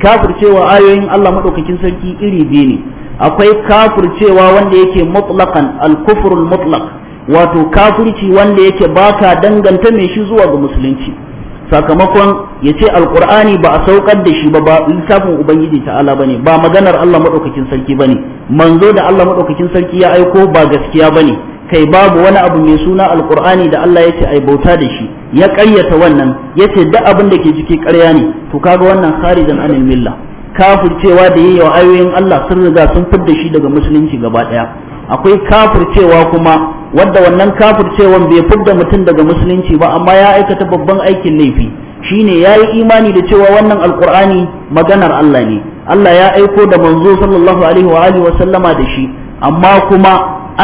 kafircewa ayoyin Allah madaukakin sarki iri biyu ne akwai kafircewa wanda yake mutlaqan al-kufrul mutlaq wato kafirci wanda yake baka danganta mai shi zuwa ga musulunci sakamakon ya ce alkur'ani ba a saukar da shi ba ba lissafin ubangiji ta'ala ne, ba maganar Allah maɗaukakin sarki ba ne manzo da Allah maɗaukakin sarki ya aiko ba gaskiya ba ne, kai babu wani abu mai suna alkur'ani da Allah ya ce ai bauta da shi ya ƙaryata wannan ya ce duk abin da ke jiki ƙarya ne to kaga wannan kharijan anil milla kafircewa da yayi wa ayoyin Allah sun riga sun fidda shi daga musulunci gaba ɗaya, akwai kafircewa kuma wadda wannan kafircewan bai fidda mutum daga musulunci ba amma ya aikata babban aikin laifi shine yayi imani da cewa wannan alqur'ani maganar Allah ne Allah ya aiko da manzo sallallahu alaihi wa alihi wa sallama da shi amma kuma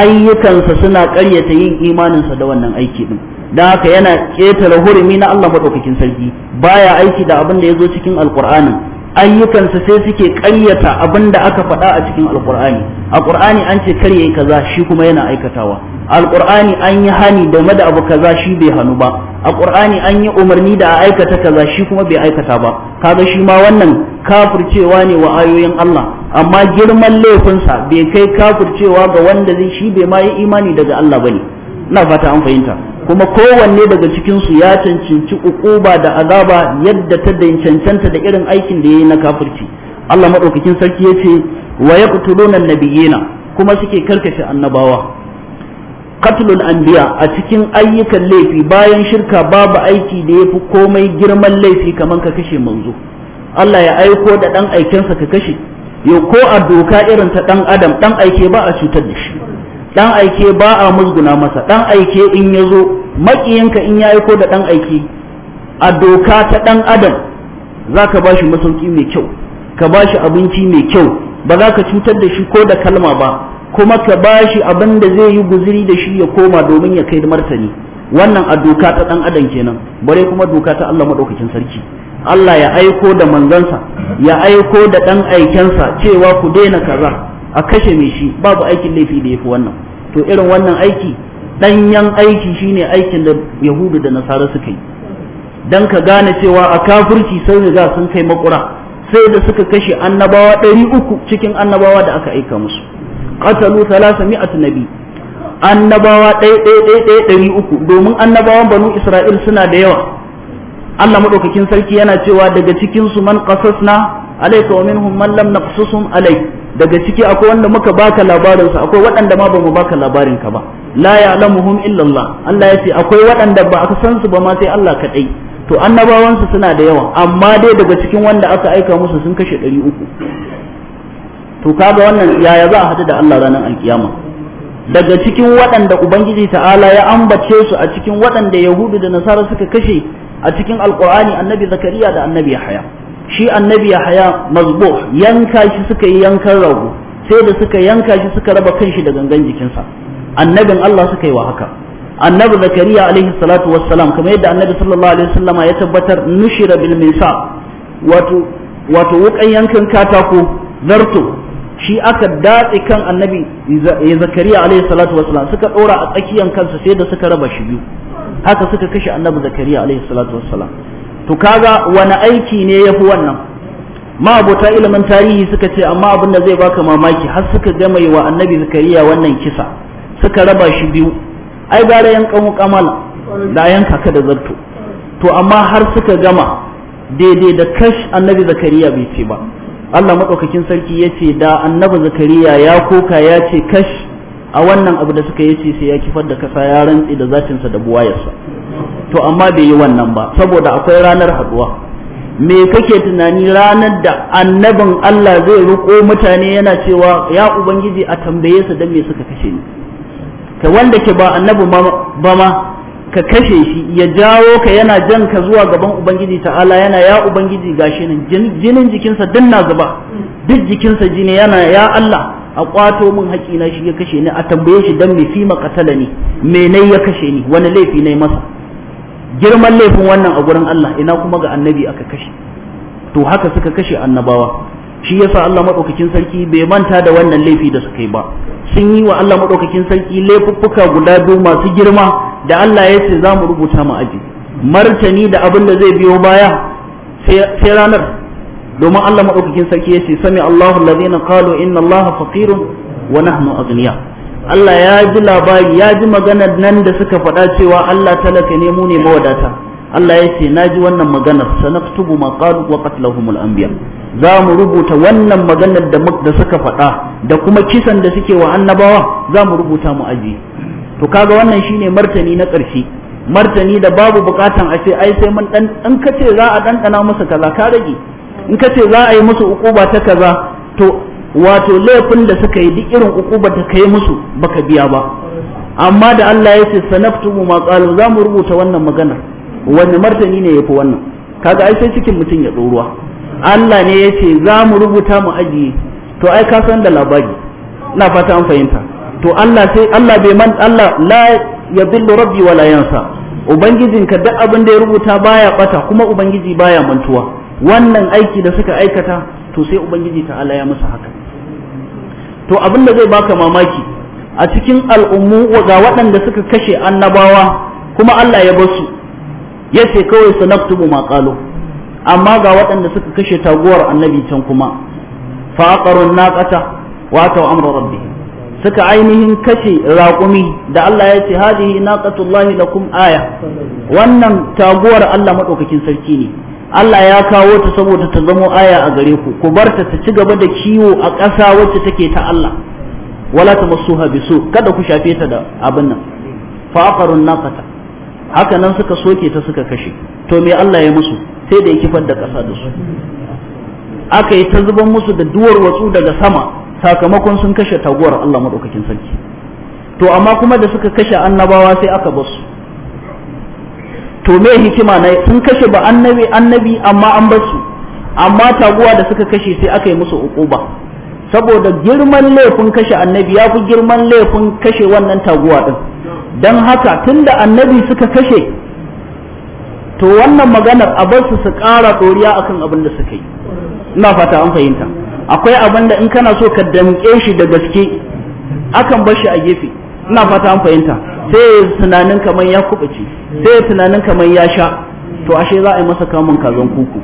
ayyukansa suna ƙaryata yin imaninsa da wannan aiki din da haka yana ƙetare hurumi na Allah maɗaukakin sarki baya aiki da abin da ya zo cikin alƙur'anin ayyukansa sai suke ƙaryata abin da aka faɗa a cikin alqur'ani a ƙur'ani an ce kar yayi kaza shi kuma yana aikatawa alqur'ani an yi hani da da abu kaza shi bai hanu ba alqur'ani an yi umarni da a aikata kaza shi kuma bai aikata ba kaga shi ma wannan kafircewa ne wa ayoyin Allah amma girman laifinsa bai kai kafircewa ga wanda zai shi bai ma yi imani daga Allah bane ina fata an fahimta kuma kowanne daga cikin su ya cancanci ukuba da azaba yadda ta cancanta da irin aikin da ya yi na kafirci Allah madaukakin sarki ya ce wa ya nabiyina kuma suke karkace annabawa qatlul anbiya a cikin ayyukan laifi bayan shirka babu aiki da yafi komai girman laifi kaman ka kashe manzo Allah ya aiko da dan aikensa ka kashe yo ko a doka irin ta dan adam dan aike ba a cutar da shi dan aike ba a musguna masa dan aike in ya zo makiyinka in ya aiko da dan aike a doka ta dan adam za ka ba shi masauki mai kyau ka ba shi abinci mai kyau ba za ka cutar da shi ko da kalma ba kuma ka shi abin da zai yi guziri da shi ya koma domin ya kai martani wannan a doka ta dan adam kenan bare kuma doka ta Allah madaukakin sarki Allah ya aiko da manzansa ya aiko da dan aikensa cewa ku daina kaza a kashe mai shi babu aikin laifi da yafi wannan to irin wannan aiki danyen aiki shine aikin da yahudu da nasara suka yi dan ka gane cewa a kafirci sai za sun kai makura sai da suka kashe annabawa 300 cikin annabawa da aka aika musu qatalu 300 nabi annabawa nabawa ɗaya ɗaya ɗaya ɗari uku domin annabawan banu isra'il suna da yawa Allah madaukakin sarki yana cewa daga cikin su man qasasna alayka wa minhum man lam naqsusum alayk daga ciki akwai wanda muka baka labarin su akwai waɗanda ma bamu baka labarin ka ba la ya'lamuhum illa Allah Allah yace akwai waɗanda ba aka san su ba ma sai Allah kaɗai to annabawan su suna da yawa amma dai daga cikin wanda aka aika musu sun kashe ɗari uku to kaga wannan yaya za a haɗu da Allah ranar alkiyama daga cikin waɗanda ubangiji ta'ala ya ambace su a cikin waɗanda yahudu da nasara suka kashe a cikin alkur'ani annabi zakariya da annabi yahaya shi annabi yahaya mazbu yanka shi suka yi yankan rago sai da suka yanka shi suka raba kanshi da gangan jikinsa annabin Allah suka yi wa haka annabi zakariya alaihi salatu wassalam kamar yadda annabi sallallahu alaihi wasallama ya tabbatar nushira bil wato wato wukan yankan katako zarto shi aka datse kan annabi zakariya alaihi salatu wasalam suka dora a tsakiyan kansa sai da suka raba shi biyu haka suka kashe annabi zakariya alaihi salatu wasalam to kaga wani aiki ne yafi wannan ma'abota ilimin tarihi suka ce amma abin da zai baka mamaki har suka gama wa annabi zakariya wannan kisa suka raba shi biyu ai gara kanu kamal da yan kaka da zarto to amma har suka gama daidai da kash annabi zakariya bai ce ba Allah madaukakin sarki ya ce da annabi zakariya ya koka ya ce kash a wannan abu da suka yace sai ya kifar da kasa ya rantsi da zatinsa da buwayarsa to amma bai yi wannan ba saboda akwai ranar haduwa me kake tunani ranar da annabin Allah zai riko mutane yana cewa ya ubangiji a tambaye su dan me suka kashe ni ka wanda ke ba annabi ba ma ka kashe shi ya jawo ka yana jan ka zuwa gaban ubangiji ta'ala yana ya ubangiji gashi nan jinin jikinsa dinna zuba duk jikinsa jini yana ya Allah a kwato min haƙi na shi ya kashe ni a tambaye shi dan me fi makatala ni me nai ya kashe ni wani laifi ne masa girman laifin wannan a gurin Allah ina kuma ga annabi aka kashe to haka suka kashe annabawa shi yasa Allah madaukakin sarki bai manta da wannan laifi da suka yi ba sun yi wa Allah madaukakin sarki laifuffuka guda biyu masu girma da Allah ya ce za mu rubuta mu aji martani da abin da zai biyo baya sai ranar domin Allah madaukakin sarki ya ce sami Allahu allazina qalu inna Allaha faqirun wa nahnu aghniya Allah ya ji labari ya ji maganar nan da suka faɗa cewa Allah talaka ne mu ne mawadata Allah ya ce na ji wannan maganar sanaktubu ma qalu wa qatlahumul anbiya za mu rubuta wannan maganar da da suka faɗa da kuma kisan da suke wa annabawa za mu rubuta mu aji to kaga wannan shine martani na ƙarshe martani da babu bukatan a ce ai sai mun dan in kace za a dandana musu kaza ka rage in kace za a yi musu ukuba ta kaza to wato laifin da suka yi duk irin ukuba da kai musu baka biya ba amma da Allah ya ce sanaktubu ma qalu za mu rubuta wannan maganar wani martani ne ya fi wannan kaga ai sai cikin mutum ya ɗoruwa Allah ne ya ce za mu rubuta mu ajiye to ai ka san da labari Ina fata an fahimta to Allah sai Allah bai man Allah la billu rabbi wala yansa ka duk abin da ya rubuta baya bata kuma ubangiji baya mantuwa wannan aiki da suka aikata to sai ubangiji Allah ya musu haka to abin da zai baka mamaki a cikin al'ummu ga waɗanda suka kashe annabawa kuma Allah ya basu ce kawai sanaktubu ma qalu amma ga waɗanda suka kashe taguwar annabi can kuma fa aqarun naqata wa amra suka ainihin kashe raƙumi da Allah ya ce hadihi naqatullahi lakum aya wannan taguwar Allah madaukakin sarki ne Allah ya kawo ta saboda ta zamo aya a gare ku ku bar ta ci gaba da kiwo a ƙasa wacce take ta Allah wala tamassuha bisu kada ku shafe ta da abin nan fa naqata haka nan suka soke ta suka kashe to me Allah ya musu sai da ya kifar da ƙasa da su aka yi ta zuban musu da duwar watsu daga sama sakamakon sun kashe taguwar Allah maɗaukakin sarki to amma kuma da suka kashe annabawa sai aka bar su to me hikima na sun kashe ba annabi annabi amma an bar su amma taguwa da suka kashe sai aka yi musu uquba saboda girman laifin kashe annabi ya fi girman laifin kashe wannan taguwa din don haka tunda annabi suka kashe to wannan maganar a bar su su ƙara ɗoriya akan abin da suka yi ina fata an fahimta akwai abin da in kana so ka damƙe shi da gaske akan bar shi a gefe ina fata an fahimta sai tunanin kamar ya kubuce sai tunanin kamar ya sha to ashe za a yi masa kamun kazan kuku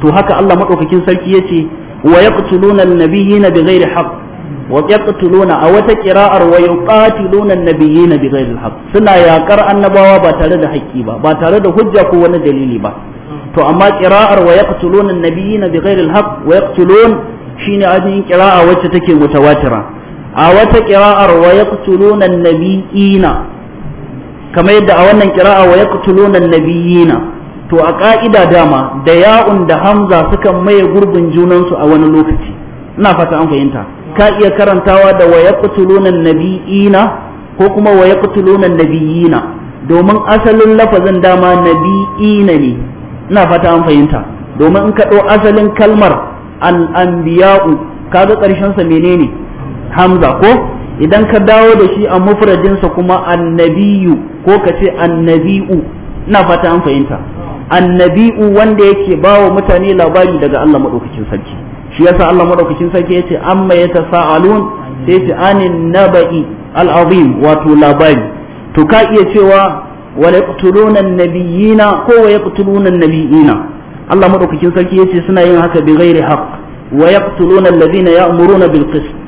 to haka Allah madaukakin sarki ya ce wa yaqtuluna an-nabiyina bighairi haqq wa yaqtuluna a wata qira'ar wa yuqatiluna an-nabiyina bighayri al-haq suna yakar annabawa ba tare da haƙƙi ba ba tare da hujja ko wani dalili ba to amma qira'ar wa yaqtuluna an-nabiyina bighayri al-haq wa yaqtulun wacce take mutawatira a wata yadda a wannan to a ƙa'ida dama da ya'un da hamza sukan maye gurbin junansu a wani lokaci ina fata an fahimta ka iya karantawa da waya yaqtuluna nabi'ina ko kuma wa yaqtuluna nabiyina domin asalin lafazin dama nabi'ina ne ina fata an fahimta domin in ka ɗau asalin kalmar al-anbiya'u kaga ƙarshen sa menene hamza ko idan ka dawo da shi a mufradinsa kuma annabiyu ko ka ce annabi'u ina fata an fahimta annabi'u wanda yake ba wa mutane labari daga Allah maɗaukakin sarki shi yasa Allah madaukakin sarki yace amma yatasaalun sai yace anin naba'i al-azim wato labari to ka iya cewa wala yaqtuluna an-nabiyina ko wa yaqtuluna an-nabiyina Allah madaukakin sarki yace suna yin haka bi ghairi haqq wa yaqtuluna alladhina ya'muruna bil qist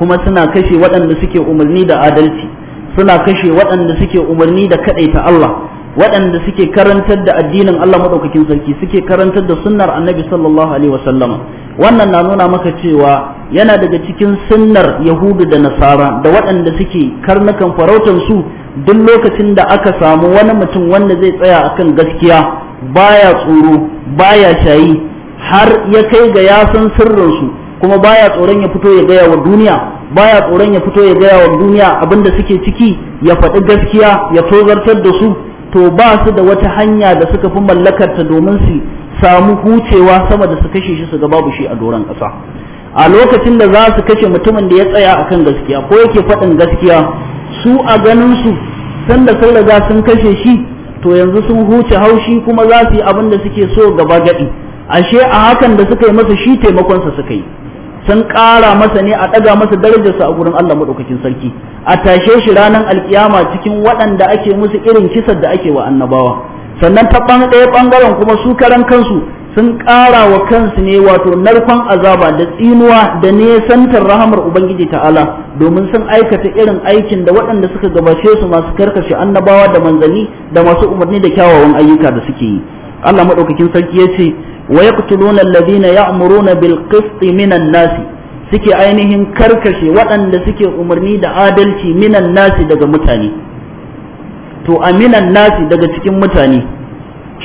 kuma suna kashe waɗanda suke umarni da adalci suna kashe waɗanda suke umarni da kadaita Allah waɗanda suke karantar da addinin Allah maɗaukakin sarki suke karantar da sunnar annabi sallallahu alaihi wasallama wannan na nuna maka cewa yana daga cikin sunnar yahudu da nasara da waɗanda suke karnukan su duk lokacin da aka samu wani mutum wanda zai tsaya akan gaskiya baya tsoro baya shayi har ya kai ga yasan san sirrinsu kuma baya tsoron ya fito ya gaya wa duniya baya tsoron ya fito ya gaya wa duniya abinda suke ciki ya faɗi gaskiya ya tozartar da su to ba su da wata hanya da suka fi mallakarta domin su samu hucewa sama da su kashe shi su ga babu shi a doron ƙasa a lokacin da za su kashe mutumin da ya tsaya a kan gaskiya ko yake faɗin gaskiya su a ganin su sanda sun riga sun kashe shi to yanzu sun huce haushi kuma za su yi abin da suke so gaba gaɗi ashe a hakan da suka yi masa shi taimakonsa suka yi sun ƙara masa ne a ɗaga masa darajarsa a gurin Allah maɗaukakin sarki a tashe shi ranar alkiyama cikin waɗanda ake musu irin kisar da ake wa annabawa sannan ta ɗaya ɓangaren kuma su karan kansu sun ƙara wa kansu ne wato narkon azaba da tsinuwa da nesantar rahamar ubangiji ta'ala domin sun aikata irin aikin da waɗanda suka gabace su masu karkashe annabawa da manzanni da masu umarni da kyawawan ayyuka da suke yi Allah maɗaukakin sarki ya ce wa yaqtuluna alladhina ya'muruna bil qist minan nasi suke ainihin karkashe waɗanda suke umarni da adalci minan nasi daga mutane to a minan nasi daga cikin mutane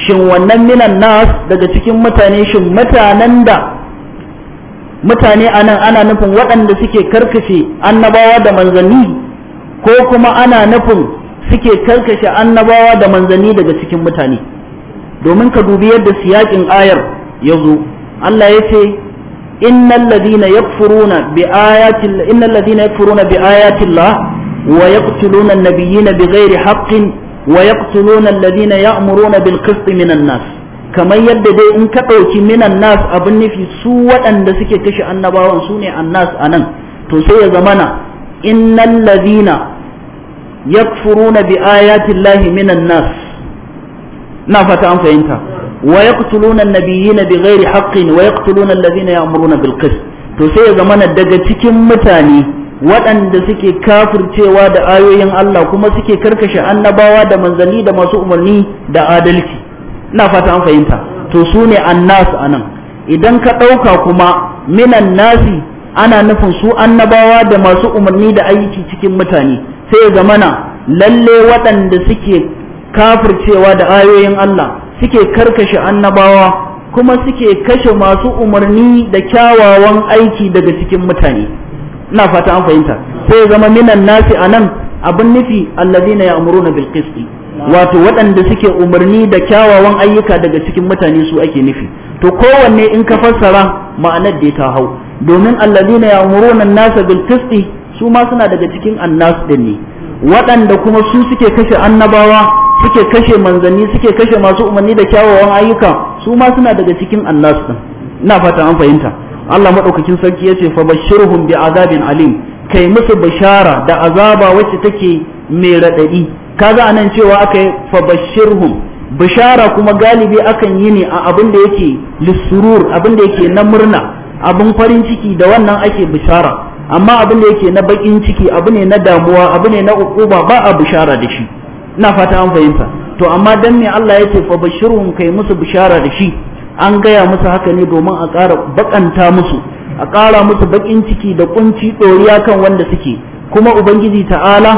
shin wannan minan nas daga cikin mutane shin mutanen da mutane anan ana nufin waɗanda suke karkashe annabawa da manzanni ko kuma ana nufin suke karkashe annabawa da manzanni daga cikin mutane domin ka dubi yadda siyakin ayar zo Allah ya ce innal ladina yakfuruna bi ayati innal ladina yakfuruna bi Allah wa yaqtuluna an-nabiyina bighairi haqqin wa yaqtuluna alladhina ya'muruna bil qist minan nas kamar yadda dai in ka dauki minan nas abin nufi su waɗanda suke kashe annabawan su ne annas anan to sai ya zamana innal ladina yakfuruna bi ayati Allah minan nas na fata an fahimta ويقتلون النبيين بغير حق ويقتلون الذين يأمرون بالقسط to sai ya mana daga cikin mutane waɗanda suke kafircewa da ayoyin Allah kuma suke karkashe annabawa da manzanni da masu umarni da adalci ina fata an fahimta to su ne annas anan idan ka ɗauka kuma minan nasi ana nufin su annabawa da masu umarni da aiki cikin mutane sai ya mana lalle waɗanda suke kafircewa da ayoyin Allah suke karkashe annabawa kuma suke kashe masu umarni da kyawawan aiki daga cikin mutane ina fata an fahimta sai ya zama minan nasi anan abin nufi allazina ya'muruna bil qisti wato waɗanda suke umarni da kyawawan ayyuka daga cikin mutane su ake nufi to kowanne in ka fassara ma'anar da ta hau domin allazina ya'muruna nasa bil qisti su ma suna daga cikin annas din ne waɗanda kuma su suke kashe annabawa suke kashe manzanni suke kashe masu umarni da kyawawan ayyuka su ma suna daga cikin annas din ina fata an fahimta Allah madaukakin sarki yace fa bashirhum bi azabin alim kai musu bishara da azaba wacce take mai radadi kaga anan cewa akai fa bashirhum bishara kuma galibi akan yi ne a abin da yake lissurur abin da yake na murna abin farin ciki da wannan ake bishara amma abin da yake na bakin ciki abu ne na damuwa abu ne na ukuba ba a bishara da shi ina fata an fahimta to amma dan ne Allah yake fa bashirhum kai musu bishara da shi an gaya musu haka ne domin a ƙara bakanta musu a ƙara musu bakin ciki da kunci ɗoriya kan wanda suke kuma ubangiji ta'ala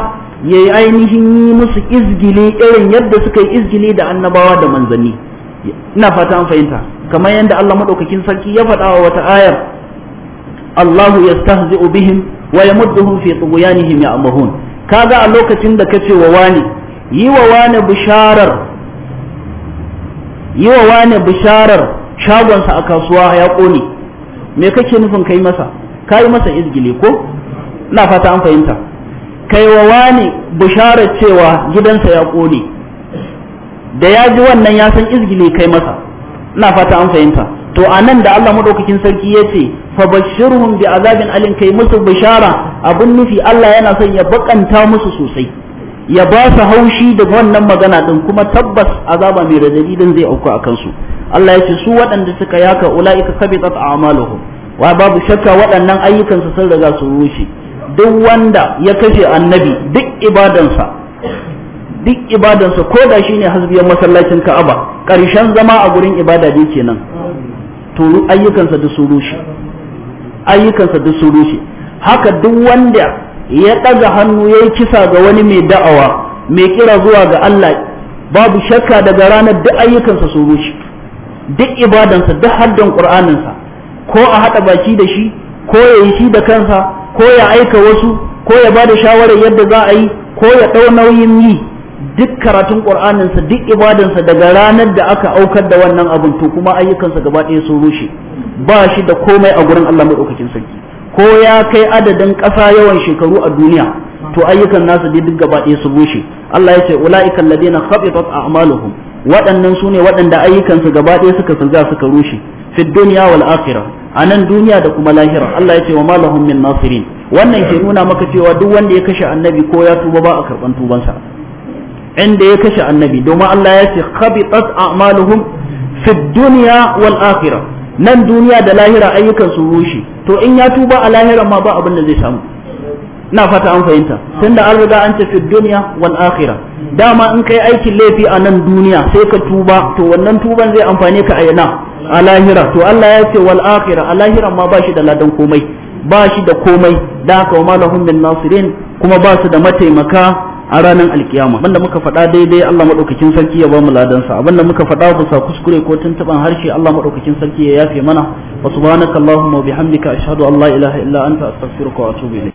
yayi ainihin yi musu izgili irin yadda suka yi izgili da annabawa da manzanni ina fata an fahimta kamar yadda Allah madaukakin sarki ya faɗa wa wata ayar Allahu yastahzi'u bihim wa yamudduhum fi tughyanihim ya'mahun kaga a lokacin da kace wa wani yi wa wani bisharar yi wa wani bisharar shagonsa a kasuwa ya ƙone me kake nufin kai masa ka yi masa izgili ko ina fata an fahimta kai wa wani bisharar cewa gidansa ya ƙone da ya ji wannan ya san izgili kai masa ina fata an fahimta to a nan da Allah madaukakin sarki ya ce fa bashirhum bi azabin alim kai musu bishara abun nufi Allah yana son ya bakanta musu sosai ya ba su haushi da wannan magana din kuma tabbas azaba mai radadi din zai auku akan su Allah ya ce su waɗanda suka yaka ulaika sabitat a'maluhum wa babu shakka waɗannan ayyukan su sun riga su rushe duk wanda ya kashe annabi duk ibadansa duk ibadansa ko da shine hasbiyan masallacin Ka'aba karshen zama a gurin ibada dai kenan to ayyukansa duk su rushe ayyukansa duk su rushe haka duk wanda ya ɗaga hannu ya yi kisa ga wani mai da'awa mai kira zuwa ga Allah babu shakka daga ranar duk ayyukansa su rushe duk ibadansa duk haddan ƙur'aninsa ko a haɗa baki da shi ko ya yi shi da kansa ko ya aika wasu ko ya ba da shawarar yadda za a yi ko ya ɗau nauyin yi duk karatun ƙur'aninsa duk ibadansa daga ranar da aka aukar da wannan abin to kuma ayyukansa gaba ɗaya sun rushe ba shi da komai a gurin Allah maɗaukakin sarki ko ya kai adadin ƙasa yawan shekaru a duniya to ayyukan nasu dai duk gaba ɗaya su bushe Allah ya ce ula'ika alladheena khabitat a'maluhum waɗannan su ne waɗanda ayyukansu gaba ɗaya suka sulga suka rushe fi dunya wal akhirah a nan duniya da kuma lahira Allah ya ce wa malahum min nasirin wannan ke nuna maka cewa duk wanda ya kashe annabi ko ya tuba ba a karban sa. inda ya kashe annabi domin Allah ya ce khabitat a'maluhum fi dunya wal akhirah nan duniya da lahira ayyukan su rushe to in ya tuba a lahiran ma ba abin da zai samu ina fata an fahimta tunda an riga an ce fi duniya wal akhira dama in kai aikin laifi a nan duniya sai ka tuba to wannan tuban zai amfane ka a yana a lahira to Allah ya ce wal akhira a lahira ma ba shi da ladan komai ba shi da komai da haka wa malahum min nasirin kuma ba su da mataimaka a ranar alkiyama abinda muka faɗa daidai Allah maɗaukakin sarki ya ba mu ladansa abinda muka faɗa sa kuskure ko tuntuɓan harshe Allah maɗaukakin sarki ya yafe mana wa subhanakallahumma wa bihamdika ashhadu an la ilaha illa anta astaghfiruka wa atubu ilayk